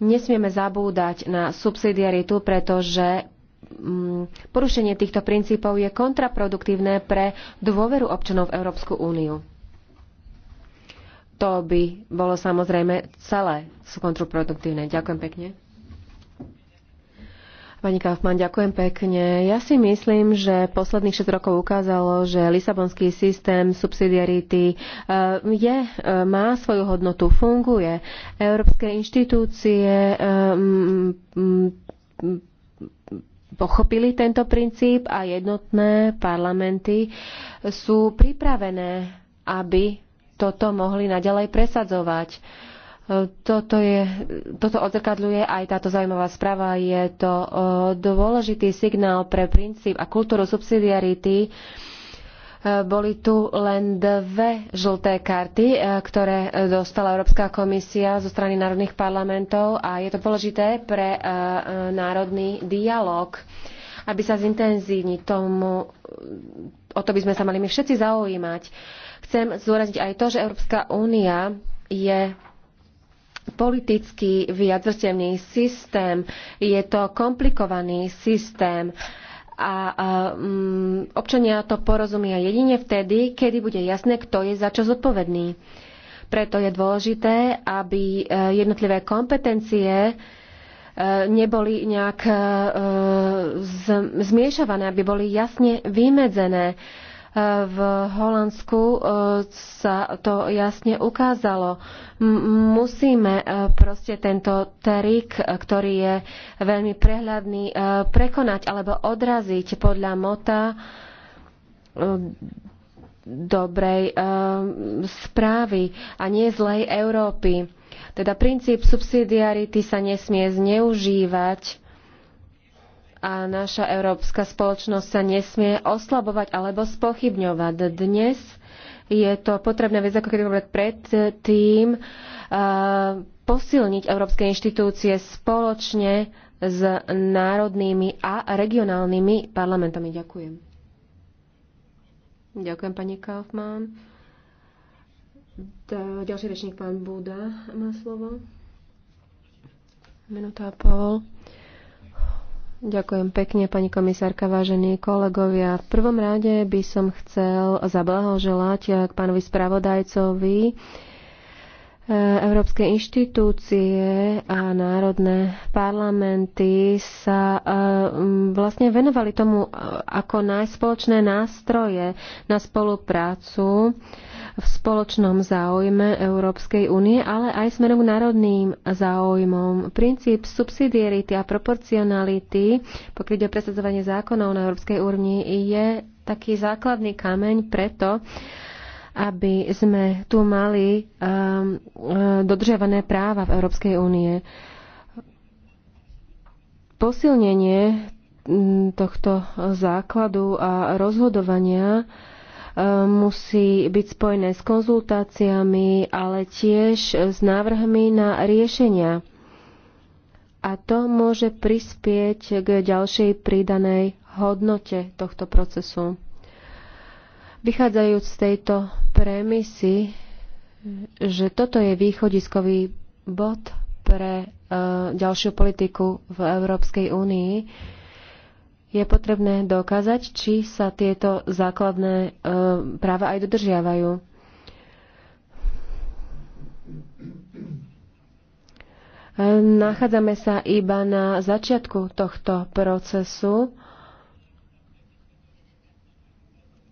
Nesmieme zabúdať na subsidiaritu, pretože mm, porušenie týchto princípov je kontraproduktívne pre dôveru občanov v Európsku úniu. To by bolo samozrejme celé kontraproduktívne. Ďakujem pekne. Pani Kaufmann, ďakujem pekne. Ja si myslím, že posledných 6 rokov ukázalo, že Lisabonský systém subsidiarity eh, je, eh, má svoju hodnotu, funguje. Európske inštitúcie eh, pochopili tento princíp a jednotné parlamenty sú pripravené, aby toto mohli naďalej presadzovať toto, je, toto odzrkadľuje aj táto zaujímavá správa. Je to e, dôležitý signál pre princíp a kultúru subsidiarity. E, boli tu len dve žlté karty, e, ktoré dostala Európska komisia zo strany národných parlamentov a je to dôležité pre národný dialog aby sa zintenzívni tomu, o to by sme sa mali my všetci zaujímať. Chcem zúraziť aj to, že Európska únia je politický viacvrstevný systém. Je to komplikovaný systém a, a um, občania to porozumia jedine vtedy, kedy bude jasné, kto je za čo zodpovedný. Preto je dôležité, aby e, jednotlivé kompetencie e, neboli nejak e, zmiešované, aby boli jasne vymedzené v Holandsku e, sa to jasne ukázalo. Musíme e, proste tento terik, ktorý je veľmi prehľadný, e, prekonať alebo odraziť podľa mota dobrej správy a nie zlej Európy. Teda princíp subsidiarity sa nesmie zneužívať a naša európska spoločnosť sa nesmie oslabovať alebo spochybňovať. Dnes je to potrebné viac ako kedykoľvek predtým posilniť európske inštitúcie spoločne s národnými a regionálnymi parlamentami. Ďakujem. Ďakujem, pani Kaufmann. Ďalší rečník, pán Buda, má slovo. Minúta a pol. Ďakujem pekne, pani komisárka, vážení kolegovia. V prvom rade by som chcel zablahoželať k pánovi spravodajcovi E, Európske inštitúcie a národné parlamenty sa e, vlastne venovali tomu, e, ako nájsť spoločné nástroje na spoluprácu v spoločnom záujme Európskej únie, ale aj smerom k národným záujmom. Princíp subsidiarity a proporcionality, pokiaľ ide o presadzovanie zákonov na európskej úrovni, je taký základný kameň preto, aby sme tu mali um, uh, dodržiavané práva v Európskej únie. Posilnenie mm, tohto základu a rozhodovania um, musí byť spojené s konzultáciami, ale tiež s návrhmi na riešenia. A to môže prispieť k ďalšej pridanej hodnote tohto procesu. Vychádzajúc z tejto premisy, že toto je východiskový bod pre e, ďalšiu politiku v Európskej únii, je potrebné dokázať, či sa tieto základné e, práva aj dodržiavajú. E, nachádzame sa iba na začiatku tohto procesu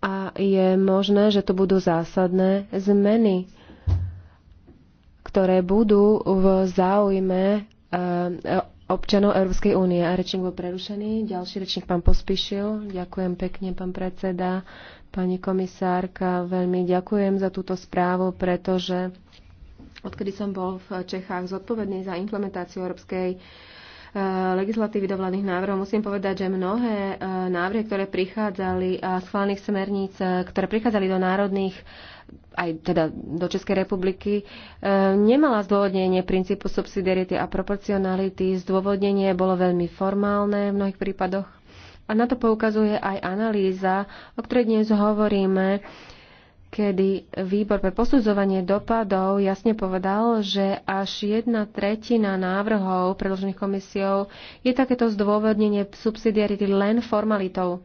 a je možné, že to budú zásadné zmeny, ktoré budú v záujme eh, občanov Európskej únie. A rečník bol prerušený. Ďalší rečník pán pospíšil, Ďakujem pekne, pán predseda, pani komisárka. Veľmi ďakujem za túto správu, pretože odkedy som bol v Čechách zodpovedný za implementáciu Európskej Eh, legislatívy vládnych návrhov. Musím povedať, že mnohé eh, návrhy, ktoré prichádzali a schválených smerníc, ktoré prichádzali do národných aj teda do Českej republiky, eh, nemala zdôvodnenie princípu subsidiarity a proporcionality. Zdôvodnenie bolo veľmi formálne v mnohých prípadoch. A na to poukazuje aj analýza, o ktorej dnes hovoríme, kedy výbor pre posudzovanie dopadov jasne povedal, že až jedna tretina návrhov predložených komisiou je takéto zdôvodnenie subsidiarity len formalitou.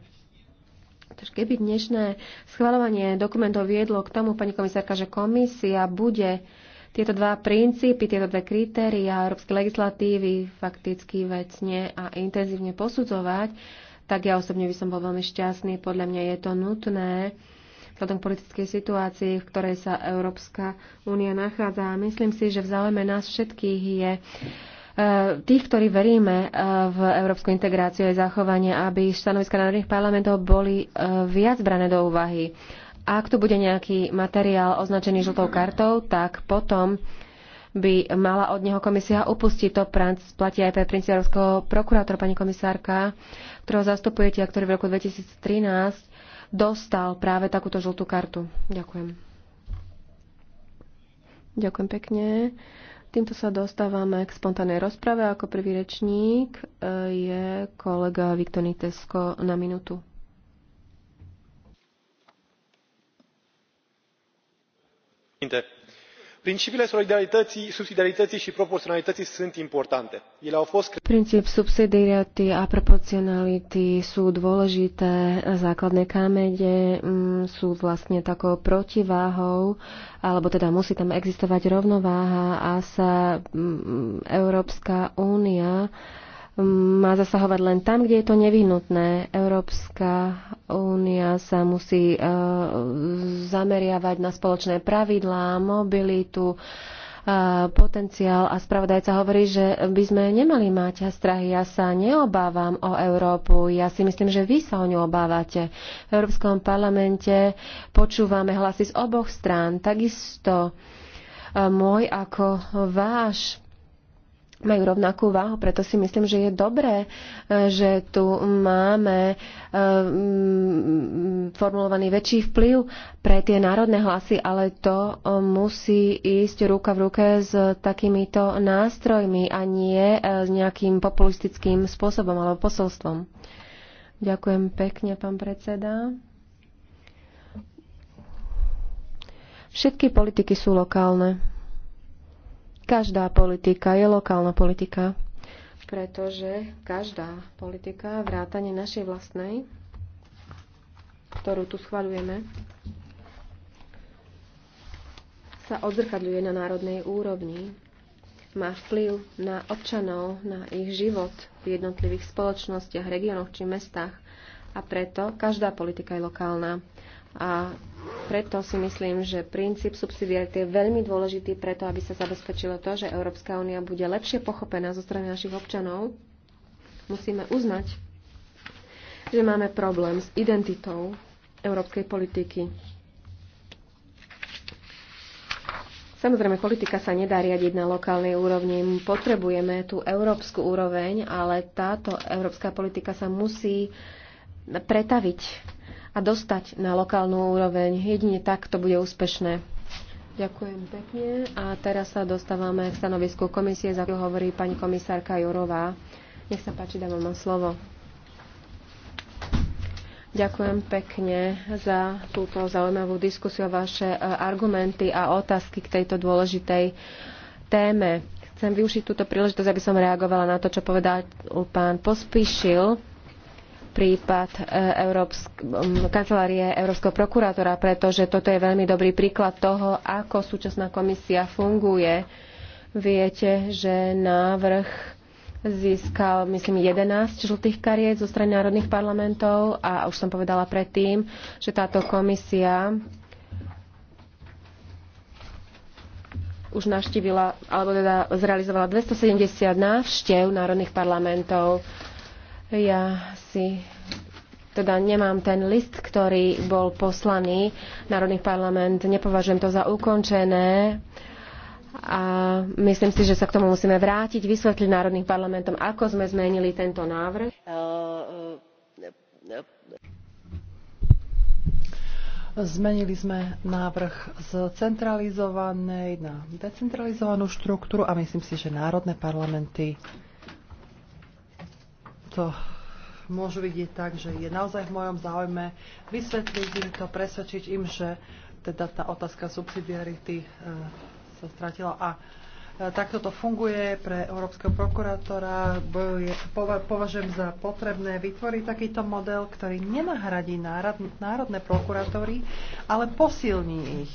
Takže keby dnešné schvalovanie dokumentov viedlo k tomu, pani komisárka, že komisia bude tieto dva princípy, tieto dve kritéria európskej legislatívy fakticky vecne a intenzívne posudzovať, tak ja osobne by som bol veľmi šťastný. Podľa mňa je to nutné vzhľadom k politickej situácii, v ktorej sa Európska únia nachádza. Myslím si, že v záujme nás všetkých je e, tých, ktorí veríme e, v európsku integráciu aj zachovanie, aby stanoviska národných parlamentov boli e, viac brané do úvahy. Ak tu bude nejaký materiál označený žltou kartou, tak potom by mala od neho komisia upustiť. To platí aj pre princíp európskeho prokurátora, pani komisárka, ktorého zastupujete a ktorý v roku 2013 dostal práve takúto žltú kartu. Ďakujem. Ďakujem pekne. Týmto sa dostávame k spontánnej rozprave. Ako prvý rečník e, je kolega Viktor Nitesko na minútu. Inde principiile subsidiarității și proporționalității sunt importante. ele au fost. princíp subsidiarity a proporcionality sú dôležité základné kamene mm, sú vlastne takou protiváhou alebo teda musí tam existovať rovnováha a sa mm, Európska únia má zasahovať len tam, kde je to nevyhnutné. Európska únia sa musí e, zameriavať na spoločné pravidlá, mobilitu, e, potenciál a spravodajca hovorí, že by sme nemali mať strahy. Ja sa neobávam o Európu, ja si myslím, že vy sa o ňu obávate. V Európskom parlamente počúvame hlasy z oboch strán, takisto e, môj ako váš majú rovnakú váhu, preto si myslím, že je dobré, e, že tu máme e, mm, formulovaný väčší vplyv pre tie národné hlasy, ale to e, musí ísť ruka v ruke s takýmito nástrojmi a nie s nejakým populistickým spôsobom alebo posolstvom. Ďakujem pekne, pán predseda. Všetky politiky sú lokálne. Každá politika je lokálna politika, pretože každá politika, vrátane našej vlastnej, ktorú tu schvaľujeme, sa odzrkadľuje na národnej úrovni. Má vplyv na občanov, na ich život v jednotlivých spoločnostiach, regiónoch či mestách. A preto každá politika je lokálna. A preto si myslím, že princíp subsidiarity je veľmi dôležitý preto, aby sa zabezpečilo to, že Európska únia bude lepšie pochopená zo strany našich občanov. Musíme uznať, že máme problém s identitou európskej politiky. Samozrejme, politika sa nedá riadiť na lokálnej úrovni. Potrebujeme tú európsku úroveň, ale táto európska politika sa musí pretaviť a dostať na lokálnu úroveň. Jedine tak to bude úspešné. Ďakujem pekne. A teraz sa dostávame k stanovisku komisie, za ktorú hovorí pani komisárka Jurová. Nech sa páči, dávam vám slovo. Ďakujem pekne za túto zaujímavú diskusiu, vaše e, argumenty a otázky k tejto dôležitej téme. Chcem využiť túto príležitosť, aby som reagovala na to, čo povedal pán Pospíšil prípad e, Európsk- kancelárie Európskeho prokurátora, pretože toto je veľmi dobrý príklad toho, ako súčasná komisia funguje. Viete, že návrh získal, myslím, 11 žltých kariet zo strany národných parlamentov a už som povedala predtým, že táto komisia už naštívila, alebo teda zrealizovala 270 návštev národných parlamentov ja si teda nemám ten list, ktorý bol poslaný Národný parlament. Nepovažujem to za ukončené. A myslím si, že sa k tomu musíme vrátiť, vysvetliť Národným parlamentom, ako sme zmenili tento návrh. Zmenili sme návrh z centralizovanej na decentralizovanú štruktúru a myslím si, že národné parlamenty to môžu vidieť tak, že je naozaj v mojom záujme vysvetliť im to, presvedčiť im, že teda tá otázka subsidiarity e, sa stratila a e, Takto to funguje pre európskeho prokurátora. Bojuje, pova, považujem za potrebné vytvoriť takýto model, ktorý nenahradí národ, národné prokurátory, ale posilní ich.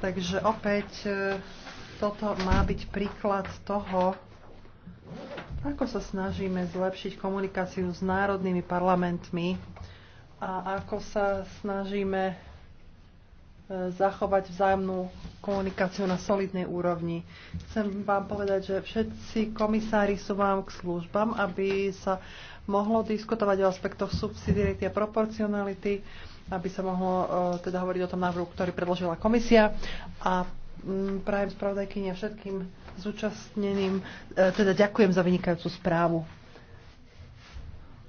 Takže opäť e, toto má byť príklad toho, ako sa snažíme zlepšiť komunikáciu s národnými parlamentmi a ako sa snažíme e, zachovať vzájomnú komunikáciu na solidnej úrovni. Chcem vám povedať, že všetci komisári sú vám k službám, aby sa mohlo diskutovať o aspektoch subsidiarity a proporcionality, aby sa mohlo e, teda hovoriť o tom návrhu, ktorý predložila komisia. A prajem spravodajkyne všetkým zúčastneným, e, teda ďakujem za vynikajúcu správu.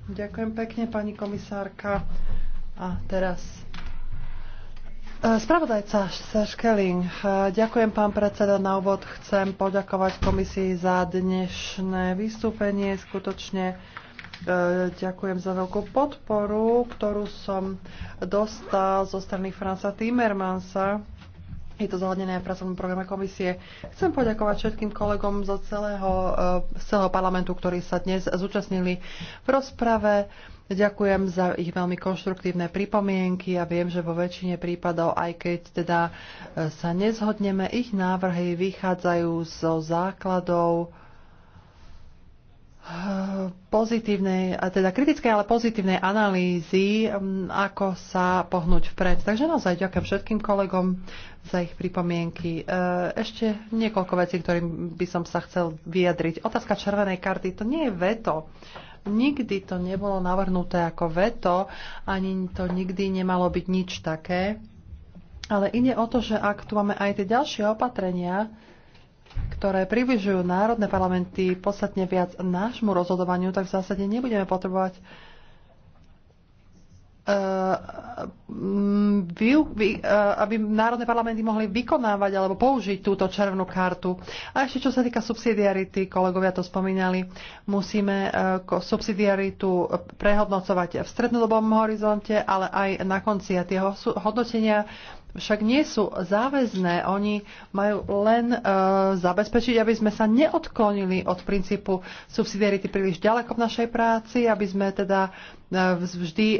Ďakujem pekne, pani komisárka. A teraz e, Spravodajca Seškeling, e, ďakujem pán predseda na úvod. Chcem poďakovať komisii za dnešné vystúpenie. Skutočne ďakujem za veľkú podporu, ktorú som dostal zo strany Franca Timmermansa je to zohľadené aj v pracovnom programe komisie. Chcem poďakovať všetkým kolegom zo celého, eh, z celého parlamentu, ktorí sa dnes zúčastnili v rozprave. Ďakujem za ich veľmi konštruktívne pripomienky a viem, že vo väčšine prípadov, aj keď teda eh, sa nezhodneme, ich návrhy vychádzajú zo základov pozitívnej, teda kritickej, ale pozitívnej analýzy, ako sa pohnúť vpred. Takže naozaj ďakujem všetkým kolegom za ich pripomienky. E, ešte niekoľko vecí, ktorým by som sa chcel vyjadriť. Otázka červenej karty, to nie je veto. Nikdy to nebolo navrhnuté ako veto, ani to nikdy nemalo byť nič také. Ale ide o to, že ak tu máme aj tie ďalšie opatrenia, ktoré približujú národné parlamenty podstatne viac nášmu rozhodovaniu, tak v zásade nebudeme potrebovať eh, eh, aby národné parlamenty mohli vykonávať alebo použiť túto červenú kartu. A ešte čo sa týka subsidiarity, kolegovia to spomínali, musíme eh, subsidiaritu prehodnocovať v strednodobom horizonte, ale aj na konci. A tie hodnotenia však nie sú záväzné. Oni majú len e, zabezpečiť, aby sme sa neodklonili od princípu subsidiarity príliš ďaleko v našej práci, aby sme teda e, vždy e,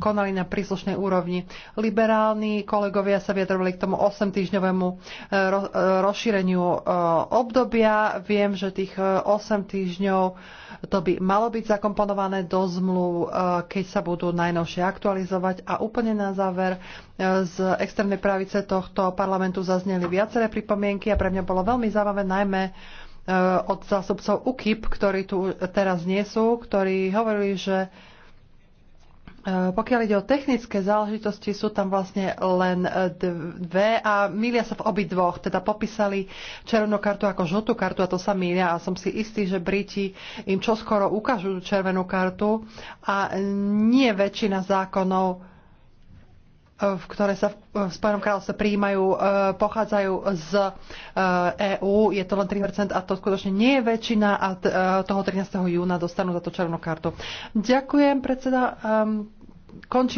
konali na príslušnej úrovni. Liberálni kolegovia sa vyjadrovali k tomu 8-týždňovému e, ro, e, rozšíreniu e, obdobia. Viem, že tých 8 týždňov to by malo byť zakomponované do zmluv, e, keď sa budú najnovšie aktualizovať. A úplne na záver, e, z extrémnej pravice tohto parlamentu zazneli viaceré pripomienky a pre mňa bolo veľmi zaujímavé najmä e, od zástupcov UKIP, ktorí tu teraz nie sú, ktorí hovorili, že Eh, pokiaľ ide o technické záležitosti, sú tam vlastne len eh, dve a milia sa v obi dvoch. Teda popísali červenú kartu ako žltú kartu a to sa milia a som si istý, že Briti im čoskoro ukážu červenú kartu a nie väčšina zákonov v ktoré sa v Spojenom kráľovstve prijímajú, e, pochádzajú z EÚ. E je to len 3% a to skutočne nie je väčšina a e, toho 13. júna dostanú za to červenú kartu. Ďakujem, predseda. Ehm, končím.